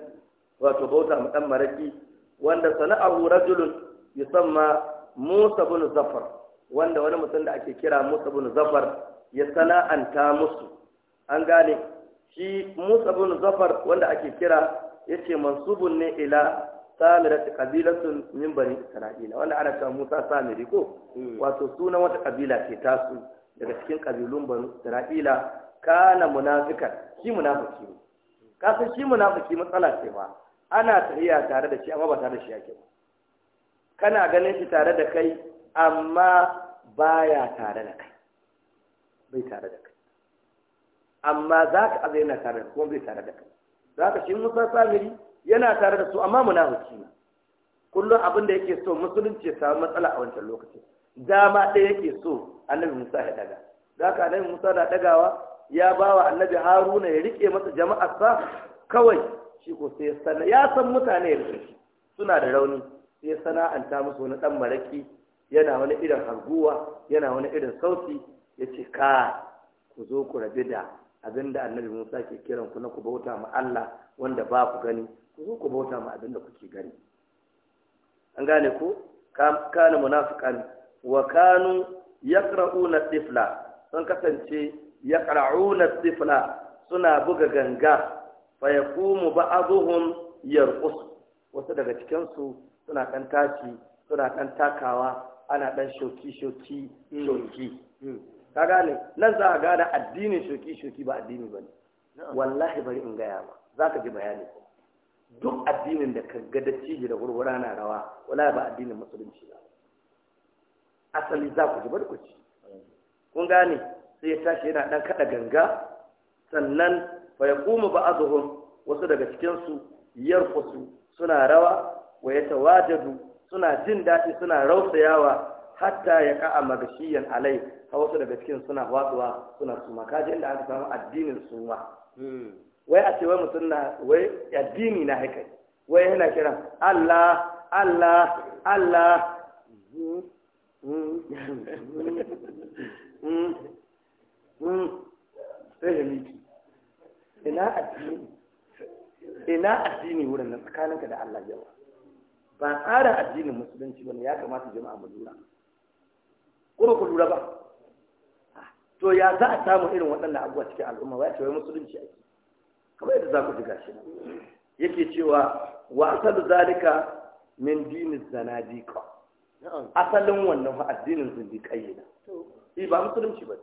wato bauta mu dan maraki wanda sana'ahu rajulun yusamma Musa bin Zafar wanda wani mutum da ake kira Musa bin Zafar ya sana'anta musu an gane shi Musa bin Zafar wanda ake kira yace mansubun ne ila samirat qabilatun min bani Isra'ila wanda ana cewa Musa samiri ko hmm. wato sunan wata kabila ce tasu daga cikin kabilun bani Isra'ila kana munafikan shi munafiki ne kasan shi munafiki matsala ce ba ana tafiya tare da shi amma ba tare da shi yake ba kana ganin shi tare da kai amma baya tare da kai bai tare da kai amma za ka azai yana tare da kuma bai tare da kai za ka shi musa samiri yana tare da su amma muna ne kullum abin da yake so musulunci ya samu matsala a wancan lokacin dama ɗaya yake so annabi musa ya daga za ka annabi musa na dagawa ya ba wa annabi haruna ya rike masa jama'arsa kawai shi ko sai sana ya san mutane ya rike suna da rauni sai sana'anta musu wani dan maraki yana wani irin harguwa yana wani irin sauti ya ce ka ku zo ku rabi da abinda annabi Musa ke kiran ku na ku bauta ma Allah wanda ba ku gani ku zo ku bauta ma abinda kuke gani an gane ku kana munafiqan wa kanu yaqra'una tifla sun kasance yaqra'una tifla suna buga ganga fa yaqumu ba'dhum yarqus wasu daga cikin su suna dan tashi suna dan takawa ana dan shoki shoki shoki hmm. hmm. ka gane nan za ka gane addinin shoki shoki ba addini bane wallahi bari in gaya ma za ka ji bayani duk addinin da ka ga da ciji da gurgura na rawa wallahi ba addinin musulunci ba asali za ku ji bari ku ci kun gane sai ya tashi yana dan kada ganga sannan fa yaqumu ba'dhum wasu daga cikin su yarqusu suna rawa wa tawajadu suna jin daɗi suna rausayawa hatta ya ka'a magashiyan alai Ka wasu daga cikin suna watsuwa suna suma kaji inda aka samu addinin suma hmm. wai a ce wai mutum na wai addini na haka wai yana kiran Allah Allah Allah hmm, hmm, sai miki ina addini ina addini wurin na tsakaninka da Allah yawa ba tsarin addinin musulunci bane ya kamata jama'a mu lura ko ba ku lura ba to ya za a samu irin waɗannan abuwa cikin al'umma ba ya ce wai musulunci ake kamar yadda za ku ji gashi yake cewa wa asalu zalika min dinin zanadiqa asalin wannan fa addinin zindiqai ne eh ba musulunci ba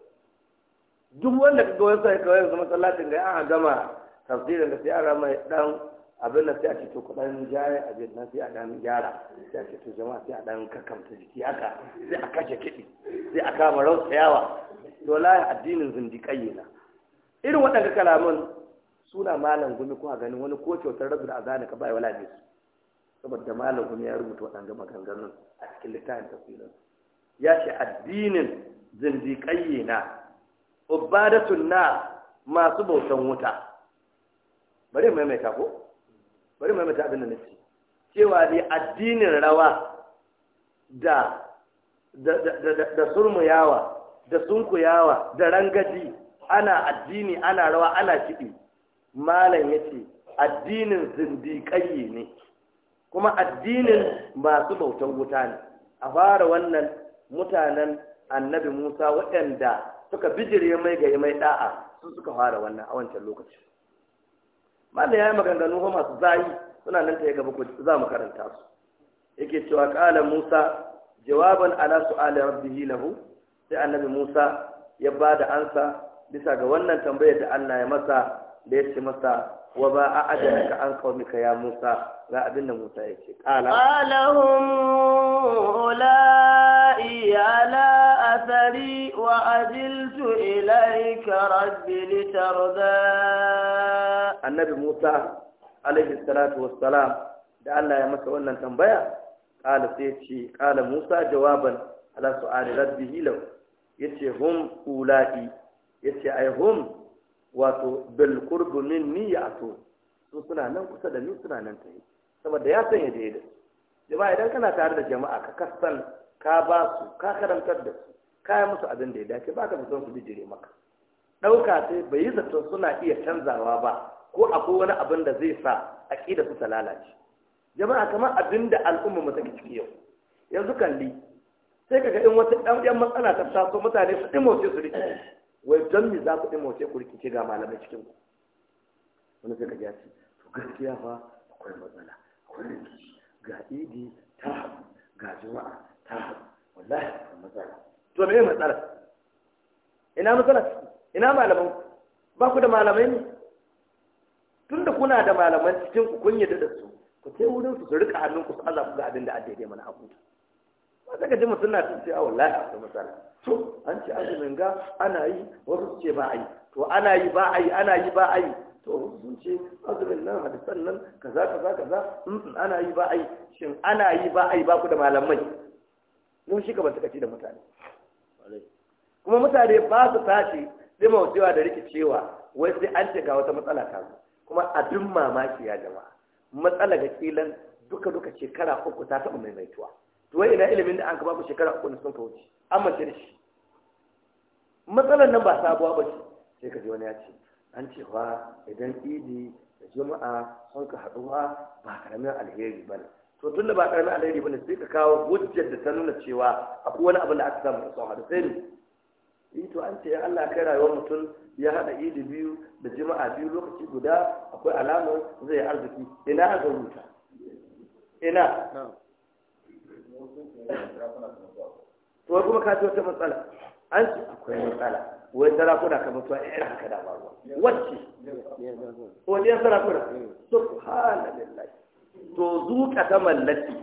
duk wanda ka wani sai kawai zama sallatin ga an gama tafsirin da sai an rama dan abin da sai a ce to kudan a biyar nan sai a dan gyara sai a ce to jama'a sai a dan kakamta jiki haka sai a kashe kiɗi sai a kama rausayawa ya addinin zindiƙai na irin waɗanda kalaman suna malam gumi kuma ganin wani ko kyautar rabu da azana ka bai wala su saboda malam gumi ya rubuta waɗanda maganganun a cikin littafin tafsirin ya ce addinin zindiƙai na na masu bautan wuta bari maimaita ko bari maimaita abin da nake cewa ne addinin rawa da da da da surmuyawa da sunkuyawa da rangaji ana addini ana rawa ana kiɗi malam ya ce addinin zindiƙayye ne kuma addinin masu bautan wuta ne a fara wannan mutanen annabi musa waɗanda suka bijire mai ga mai da'a su suka fara wannan a wancan lokaci malam ya yi maganganu ko masu zayi suna nan ta yi gaba za mu karanta su yake cewa ƙala musa jawaban ala su'ala rabbihi lahu sai annabi Musa ya ba da ansa bisa ga wannan tambayar da Allah ya masa da ya ce masa wa ba a ka an qaumika ya Musa ga abin da Musa ya ce qala hula ulai a athari wa ajiltu ilayka rabbi litarda annabi Musa alaihi salatu wassalam da Allah ya masa wannan tambaya ƙala sai ce ƙala Musa jawaban ala su'ali rabbi hilau yace hum ulai yace ai hum wato bil qurb minni ya'tu su suna nan kusa da ni suna nan tare saboda ya sanya da yadda jama'a idan kana tare da jama'a ka kasan ka ba su ka karantar da su ka yi musu abin da ya dace ba ka zaton su bijire maka ɗauka sai bai yi zato suna iya canzawa ba ko akwai wani abin da zai sa aqida su ta lalace jama'a kamar abinda da al'umma mu take ciki yau yanzu kalli sai kaga in wata ɗan matsala ta taso mutane su ɗimoce su rikice wai don me za ku ɗimoce ku rikice ga malamai cikin ku wani sai kaga ya ci, to gaskiya fa akwai matsala akwai rikici ga idi ta haɗu ga juma'a ta haɗu wallahi akwai matsala to me matsala ina matsala ina malaman ba ku da malamai ne tunda kuna da malaman cikin ku kun yadda da su ku kai wurin su su rika hannun ku su azabu ga abin da addai mana hakuta sai ka ji mutum na tun sai a wallahi akwai matsala to an ce azumin ga ana yi wasu ce ba a yi to ana yi ba a yi ana yi ba a yi to sun ce azumin nan hadisan nan kaza kaza kaza ana yi ba a yi shin ana yi ba a yi ba ku da malamai mun shi ka ba suka ci da mutane kuma mutane ba su tashi dimaucewa da rikicewa wai sai an ce ga wata matsala ta zo kuma abin mamaki ya jama'a matsala ga kilan duka-duka shekara uku ta taɓa maimaituwa wai ina ilimin da an ka babu shekara uku sun ka wuce an mace da shi matsalar nan ba sabuwa ba ce sai ka ji wani ya ce an ce wa idan idi da juma'a sun ka haɗuwa ba karamin alheri ba to tun da ba karamin alheri ba ne sai ka kawo hujjar da ta nuna cewa akwai wani abin da aka samu da sun haɗu sai ne yi eh to an ce ya Allah kai rayuwar mutum ya haɗa idi biyu da juma'a biyu lokaci guda akwai alamar zai arziki ina aka rubuta ina to kuma ka ce wata matsala an ce akwai matsala wai sarakuna ka mutuwa eh, irin haka da ba wacce yan sarakuna subhanallah to zuka ta mallaki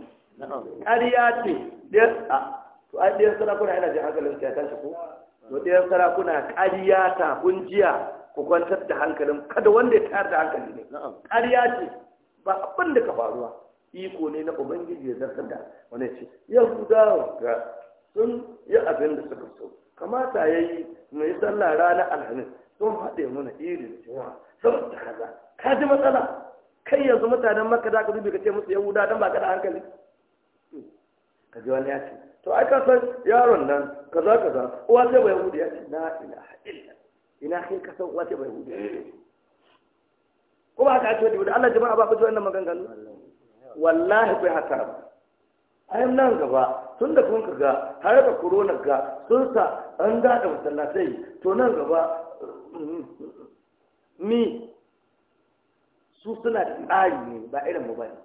ƙarya ce ɗiyar a to ai ɗiyar sarakuna yana jin hankalin ya tashi ko to ɗiyar sarakuna ƙarya ta kunjiya ku kwantar da hankalin kada wanda ya tayar da hankali ne ƙarya ce ba abin da ka faruwa iko ne na ubangiji ya zartar da wani ce yahudawa ga sun yi abin da suka so kamata ya yi mai sallah ranar alhamis sun haɗe mana irin juma saboda kaza ka ji matsala kai yanzu mutanen maka za ka dubi ka ce musu yahuda don ba ka da hankali ka ji wani ya ce to ai ka san yaron nan kaza kaza uwa ce bai hudu ya ce na ina illa ina kai ka san uwa bai hudu ya ce ko ba ce ake wadda Allah jama'a ba ku ji wannan maganganu wallahi bai haka ba ayan nan gaba tun da kun ga har da corona ga sun sa an da masallatai to nan gaba Ni su suna da tsari ne ba irin mu bane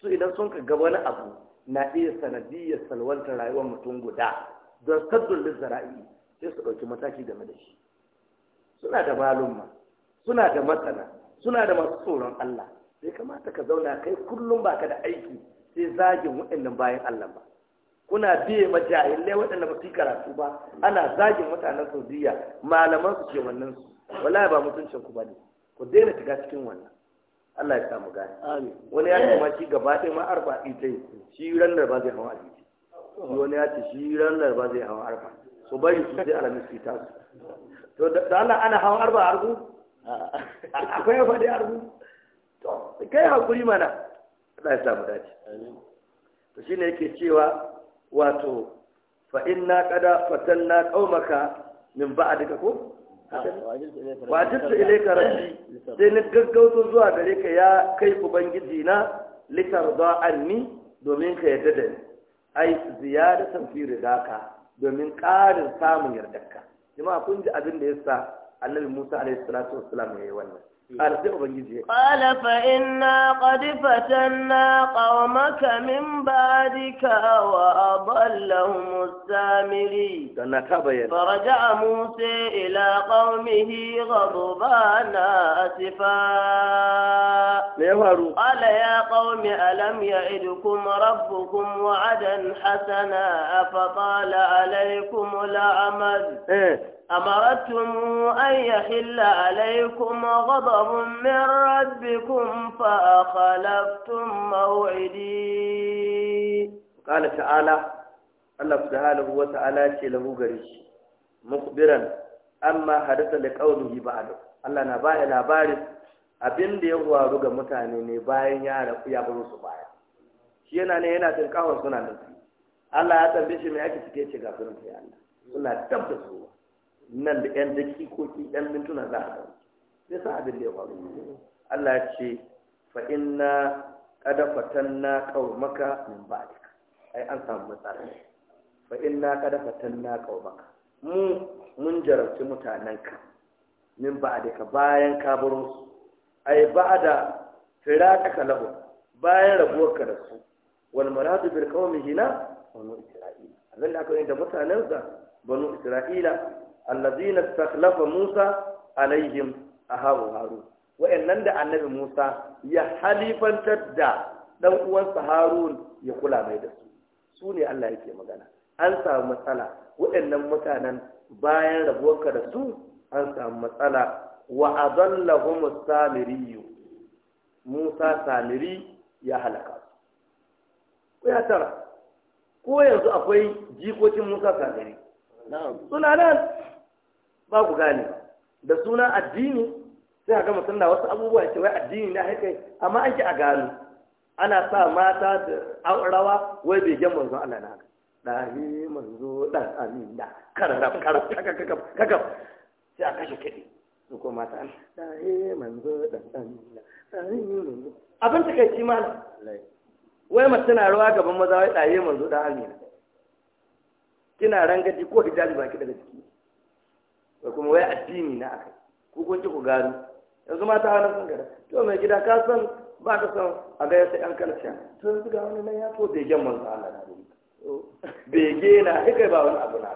su idan sun ka gaba wani abu na iya sanadiyar salwantar rayuwar mutum guda don saddun lissara'i sai su ɗauki mataki game da shi suna da malumma suna da matsala suna da masu tsoron Allah sai kamata ka zauna kai kullum baka da aiki sai zagin waɗannan bayan Allah ba kuna biye ma jahilai waɗanda ba su karatu ba ana zagin mutanen Saudiya malaman su ce wannan su wallahi ba mutuncin ku bane ku daina shiga cikin wannan Allah ya samu gani amin wani ya ce ma shi gaba ɗaya ma arba ita shi ran ba zai hawa abinci shi wani ya ce shi ran ba zai hawa arba so bari su sai alamin su ta su to da Allah ana hawa arba argu akwai faɗi argu to kai hakuri mana Allah ya samu dace to shine yake cewa wato fa inna qada fatanna qaumaka min ba'dika ko ah, wajibta ilaika rabbi sai na gaggauto zuwa gare ka ya kai ubangiji na litarda anni domin ka yarda da ni ai ziyadatan fi ridaka domin ƙarin samun yardarka jama'a kun ji abin da yasa annabi Musa alaihi salatu wassalam yi wannan قال سي أبنجي قال فإنا قد فتنا قومك من بعدك وأضلهم السامري فرجع موسى إلى قومه غضبان أسفا قال يا قوم ألم يعدكم ربكم وعدا حسنا أفطال عليكم الأمد أمرتم أن يحل عليكم غضب من ربكم فأخلفتم موعدي قال تعالى الله سبحانه وتعالى له غريش مخبرا أما حدث لقوله بعد الله abin da ya waru ga mutane ne bayan ya rafu ya baro su baya shi yana ne yana tinkawar suna nufi Allah ya tambaye shi me ake cike ce ga sunan Allah suna nan da yan dakikoki ƴan mintuna za a sai sa abin da ya faru Allah ce fa inna qad fatanna qaumaka min ba'dika ai an samu matsala fa inna qad fatanna qaumaka mu mun jarabci mutanenka min ba'dika bayan ka bar su ai ba'da firaqaka lahu bayan rabuwarka da su wal maradu bil qaumi hina banu isra'ila abin da aka yi mutanen mutanensa banu isra'ila allazina istakhlafa Musa alaihim ahabu Harun wa'annan da annabi Musa ya halifantar da dan uwansa Harun ya kula mai da su su ne Allah yake magana an samu matsala waɗannan mutanen bayan rabuwarka da su an samu matsala wa adallahum samiriyu Musa samiri ya halaka su ko ya tara ko yanzu akwai jikokin Musa samiri suna nan ba ku gane da suna addini sai a gama suna wasu abubuwa ce wai addini na haka amma an ki a gano ana sa mata da rawa wai begen manzo Allah na haka ɗahi manzo ɗan amina kararraf kararraf kakaf sai a kashe kiɗi su ko mata an ɗahi manzo ɗan amina ɗahi manzo abin takaici ma wai mace na rawa gaban maza wai ɗahi manzo ɗan amina kina rangaji ko hijabi ba ki daga ciki ba kuma wai addini na akai ku kun ki ku gano yanzu mata wani sun gada to mai gida ka san ba ka san a ga yasa yan kalciya to yanzu ga wani nan ya to begen manzo Allah na rubuta bege na kai ba wani abu na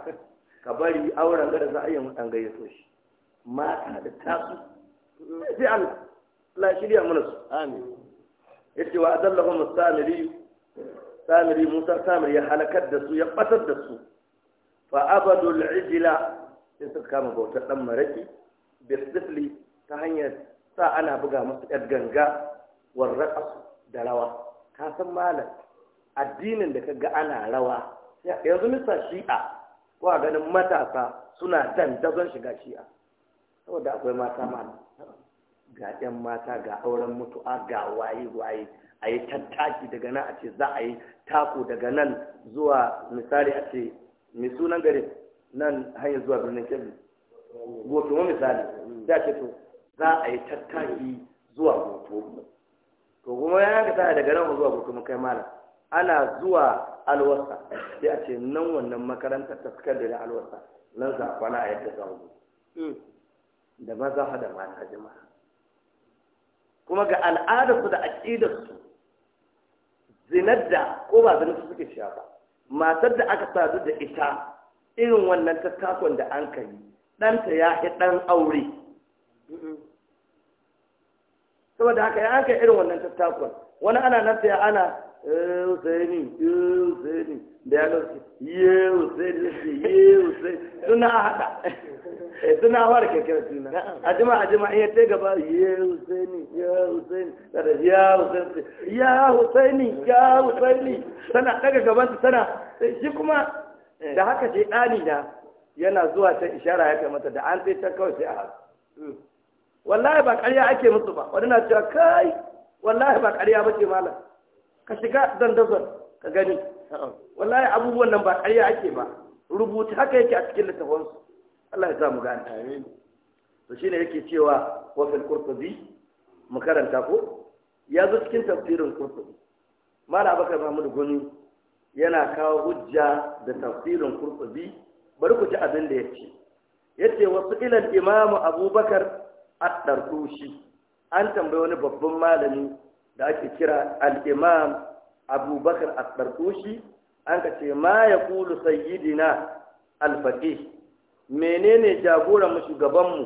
ka bari auren da za a yi mutan so shi mata da tasu sai Allah la shirya mana su amin yace wa adallahu musamiri samiri Musa samiri ya halakar da su ya batar da su fa abadul ijla sai suka kama bautar ɗan maraki bisifli ta hanyar sa ana buga masu yar ganga warraqas da rawa ka san malam addinin da kaga ana rawa yanzu misa shi'a ko a ganin matasa suna dandazon shiga shi'a saboda akwai mata malam ga 'yan mata ga auren mutu'a ga waye-waye a yi tattaki daga nan a ce za a yi tako daga nan zuwa misali a ce mai sunan gari nan hanyar zuwa birnin kebbi goto ma misali da ce to za a yi tattaki zuwa goto to kuma ya ka tana daga nan zuwa goto kai mala ana zuwa alwasa sai a ce nan wannan makarantar ta fitar da alwasa nan za a kwana a yadda za da maza da mata jama'a kuma ga al'adarsu da aƙidarsu zinar da ko ba zinar su suke shafa matar da aka sadu da ita irin wannan tattakon da an kai ɗanta ya yi ɗan aure saboda haka ya kai irin wannan tattakon wani ana nan ana, ya ana eh, Husaini, eh, Husaini, da ya nufi, ye Husaini, ye Suna suna haɗa. yanzu na fara kirkirar suna a jima a jima iya ta gaba ya husaini ya husaini tana ya husaini ya husaini ya husaini tana daga gaban tana eh, shi kuma eh. da haka ce ɗani na yana zuwa ta ishara ya kai mata da an sai ta kawai sai a hasu hmm. wallahi ba ƙarya ake musu ba wani na cewa kai wallahi ba ƙarya ba ce malam ka shiga dandazon ka gani wallahi abubuwan nan ba ƙarya ake ba rubuta haka yake a cikin littafansu Allah ya sa mu gane amin to shine yake cewa wa fil qurtubi mu karanta ya zo cikin tafsirin qurtubi mala abakar mahmud goni yana kawo hujja da tafsirin qurtubi bari ku ji abin da yake yace wasu ilal imam abubakar ad-darqushi an tambayi wani babban malami da ake kira al-imam abubakar ad-darqushi an ka ce ma yaqulu sayyidina al-faqih menene jagoran mu shugaban mu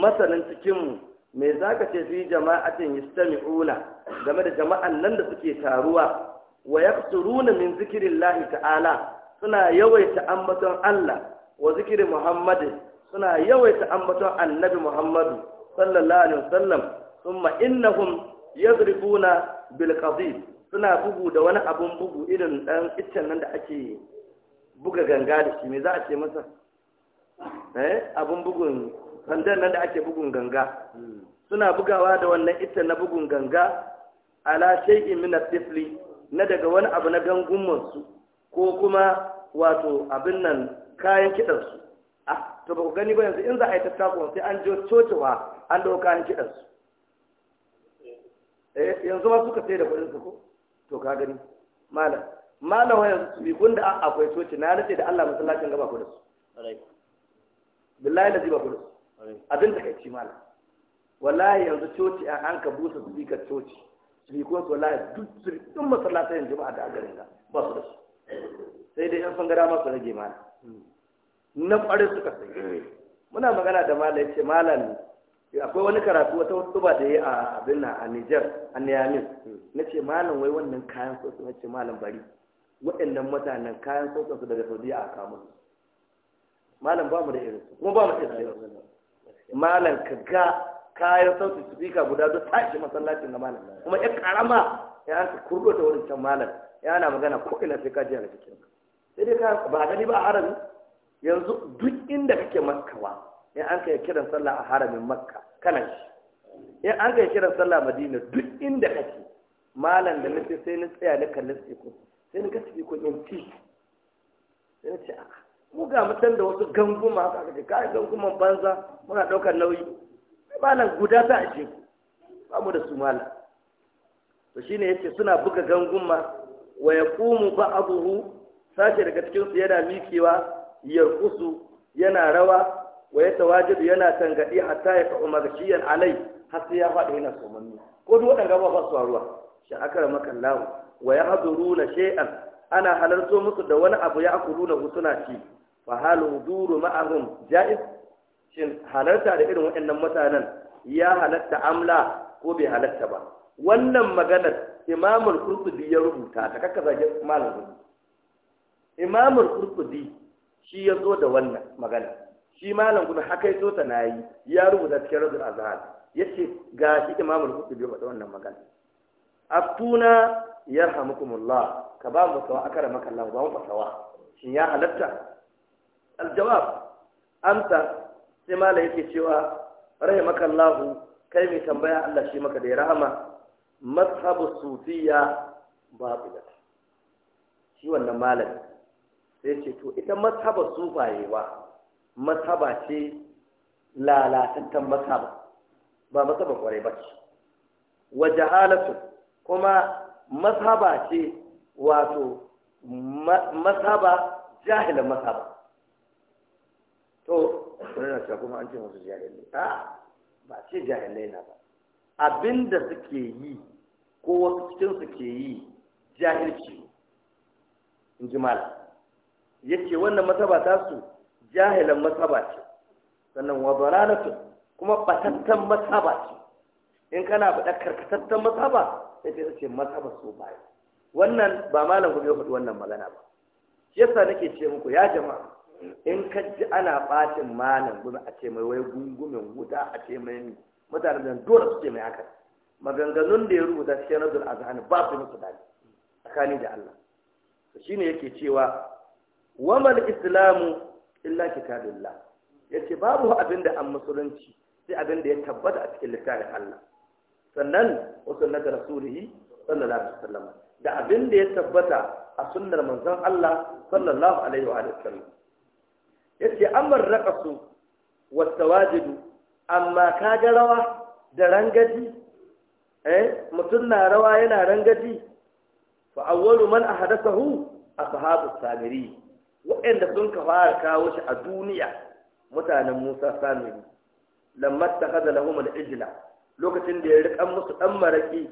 masanin cikin mu me zaka ce fi jama'atin yastami'una game da jama'an nan da suke taruwa wa yaqsuruna min zikrillahi ta'ala suna yawaita ambaton Allah wa zikri Muhammad suna yawaita ambaton Annabi Muhammadu sallallahu alaihi wasallam thumma innahum yadribuna bil qadid suna bugu da wani abun bugu irin dan iccen nan da ake buga ganga da shi me za a ce masa Eh, abin bugun sandan nan da ake bugun ganga suna bugawa da wannan ita na bugun ganga ala shay'in min tifli na daga wani abu na gangun su ko kuma wato abin nan kayan kidan su ah to ba ku gani ba yanzu in za a yi tattako sai an jo cocewa an dawo kayan kidan su eh yanzu ma suka sai da kudin su ko to ka gani malam malam yanzu su bi gunda akwai coci na rike da Allah masallacin gaba ku da su billahi da ziba gudu abin da kai ci mala wallahi yanzu coci an an ka busa su coci speaker wallahi duk su sirrin masallatai jama'a da garin ga ba su da su sai dai yan fangara ma su rage mana hmm. na ƙwarai suka sai hmm. muna magana da malam ce malam akwai wani karatu wata hutuba da yayi a abin na a Niger a Niamey hmm. na ce malam wai wannan kayan sosai nace malan malam bari waɗannan mutanen kayan sosu daga Saudi a kamun malam ba mu da irin su kuma ba mu da irin malam ka ga kayan sautin speaker guda don tashi masallacin na malam kuma ya karama ya an kurgo ta wurin can malam ya na magana ko ina sai ka ji a cikin sai dai ka ba gani ba a harami yanzu duk inda kake ba, ya an kai kiran sallah a haramin makka kanan shi ya an kai kiran sallah madina duk inda kake malam da nace sai na tsaya na kallon teku sai na ga ko in ci sai na ci a'a mu ga mutan da wasu ganguma haka kaje kai ganguman banza muna daukar nauyi nan guda ta ashe ba mu da su mala to shine yace suna buga ganguma wa yaqumu ba'dahu sace daga cikin su yana mikewa yarkusu yana rawa wa yatawajidu yana tangadi hatta ya fa'u magashiyan alai har sai ya faɗi yana somanni ko duk waɗanda ba su ruwa shi akara makallahu wa yahduruna shay'an ana halarto musu da wani abu ya akuluna suna ci fa halu duru ma'ahum ja'iz shin halarta da irin waɗannan mutanen ya halatta amla ko bai halatta ba wannan maganar imamul qurtubi ya rubuta ta kakka zage malamin imamul qurtubi shi ya zo da wannan magana shi malam kuma haka ya zo ta nayi ya rubuta cikin radul azhar yace ga shi imamul qurtubi ya wannan magana aftuna yarhamukumullah ka ba mu sawa akara maka Allah ba mu fasawa shin ya halatta aljawab amsa sai Malam yake cewa rahimaka Allah kai mai tambaya Allah shi maka da ya rahama mazhabu sufiya babu shi wannan malami sai ce to ita mazhabar sufayewa mazhaba ce lalatattan mazhaba ba mazhaba kwarai ba ce wa jahalatu kuma mazhaba ce wato mazhaba jahilin mazhaba to wani na cewa kuma an ce musu jahilai a ba ce jahilai na ba abinda suke yi ko wasu cikin suke ke yi jahilci in ji malam ya ce wannan masaba ta su jahilan masaba ce sannan wa dalalatu kuma batattan masaba ce in kana faɗa karkatattan masaba sai ta ce masaba su baya wannan ba malam gobe ya faɗi wannan magana ba shi yasa nake ce muku ya jama'a in ka ji ana fatin malam gumi a ce mai wai gungumin wuta a ce mai ni mutane da dole su ce mai haka maganganun da ya rubuta cikin radul azhani ba su musu dadi tsakani da Allah shine yake cewa mal islamu illa kitabullah yace babu abin da an musulunci sai abin da ya tabbata a cikin littafin Allah sannan wa sunnatu rasulihi sallallahu alaihi wasallam da abin da ya tabbata a sunnar manzon Allah sallallahu alaihi wa sallam yace amar raqasu wajidu amma kaga rawa da rangaji eh mutum na rawa yana rangaji fa awwalu man a ashabu samiri waɗanda sun ka fara kawo shi a duniya mutanen Musa samiri lamma takhadha lahum al-ijla lokacin da ya riƙa musu dan maraki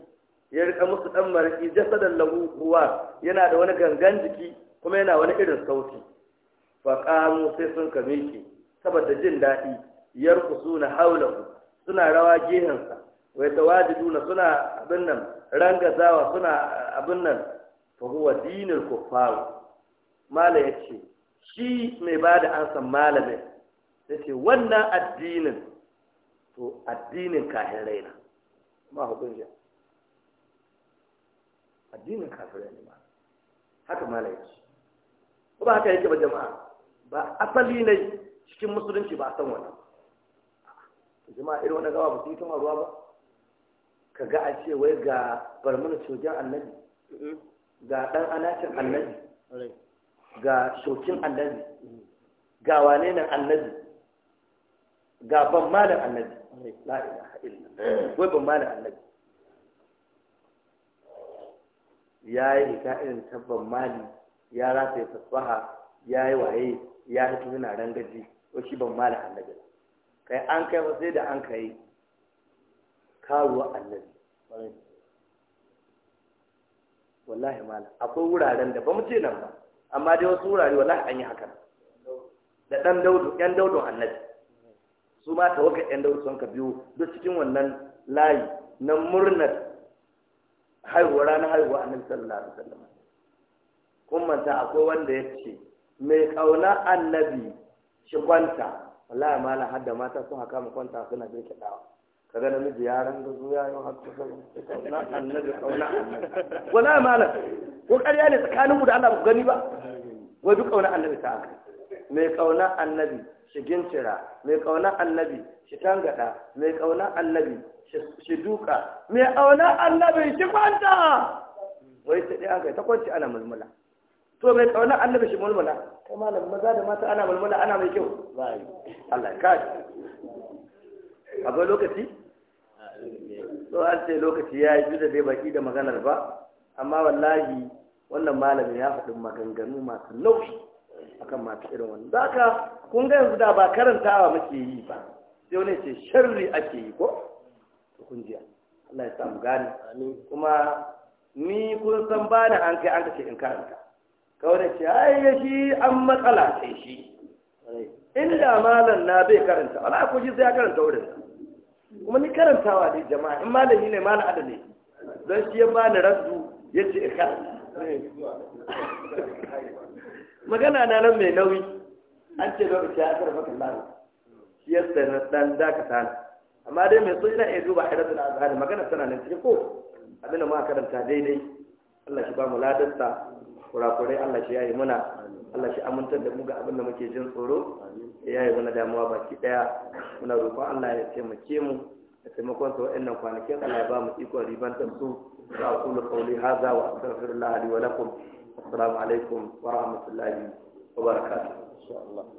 ya riƙa musu ɗan maraki jasadan lahu ruwa yana da wani gangan jiki kuma yana wani irin sauti faƙamu sai sun kame shi saboda jin daɗi yar kusuna haulahu suna rawa gehensa wai tawadidu na suna abin nan rangazawa suna abin nan fa huwa dinul kuffar mala yace shi mai bada ansan malamin yace wannan addinin to addinin kahin raina ma hukunci addinin kafirai ne ma haka mala yace ba haka yake ba jama'a ba asali ne cikin musulunci ba a san wannan jama'a irin wani gawa ba su yi tun ruwa ba ka ga a ce wai ga barmin cogen annabi ga ɗan anacin annabi ga shokin annabi ga wane nan annabi ga ban malin annabi wai ban malin annabi ya yi rika irin tabban mali ya ya tasbaha ya yi waye ya hito yana rangaji ko shi ban mala annabi kai an kai ba sai da an kai karuwa annabi wallahi mala akwai wuraren da ba mu ce nan ba amma dai wasu wurare wallahi an yi haka da dan daudu yan daudun annabi su ma waka yan daudu sun ka biyo duk cikin wannan layi na murnar haihuwa ranar haihuwa annabi sallallahu alaihi wasallam kun manta akwai wanda ya ce mai kauna annabi shi kwanta wallahi mala har da mata sun haka mu kwanta suna birke dawa kaga namiji ya ranga zo ya yi haka kauna annabi kauna annabi wallahi mala ko ƙarya ne tsakanin mu da Allah ku gani ba wai duk kauna annabi ta aka mai kauna annabi shi gintira. mai kauna annabi shi tangada mai kauna annabi shi duka mai auna annabi shi kwanta wai sai ɗaya aka ta kwanci ana mulmula to bai kauna annabi shi mulmula Ta malam maza da mata ana mulmula ana mai kyau bai Allah ka akwai lokaci to an ce lokaci ya yi da bai baki da maganar ba amma wallahi wannan malamin ya faɗi maganganu masu nauyi akan masu irin wannan Za ka, kun ga yanzu da ba karantawa muke yi ba sai wani ce sharri ake yi ko to kun jiya Allah ya samu gane kuma ni kun san bani an kai an kace in karanta kawai ce ai ya shi an matsala ce shi inda malam na bai karanta wala ko ji sai ya karanta wurin kuma ni karantawa dai jama'a in malami ne malam adali don shi ya ba ni raddu ya ce karanta magana na nan mai nauyi an ce lokaci ya karfa kan lalu shi ya sai dan ka ne amma dai mai so ina iya duba hadatul azhar magana tana nan ce ko abinda muka karanta daidai Allah shi ba mu ladarsa kurakurai Allah shi yayi muna Allah shi amintar da mu ga abin da muke jin tsoro ya yayi muna damuwa baki daya muna roƙon Allah ya taimake mu da taimakon sa wa'annan kwanakin Allah ya ba mu iko ribantar su wa aqulu qawli hadha wa astaghfirullah li wa lakum assalamu alaikum wa rahmatullahi wa barakatuh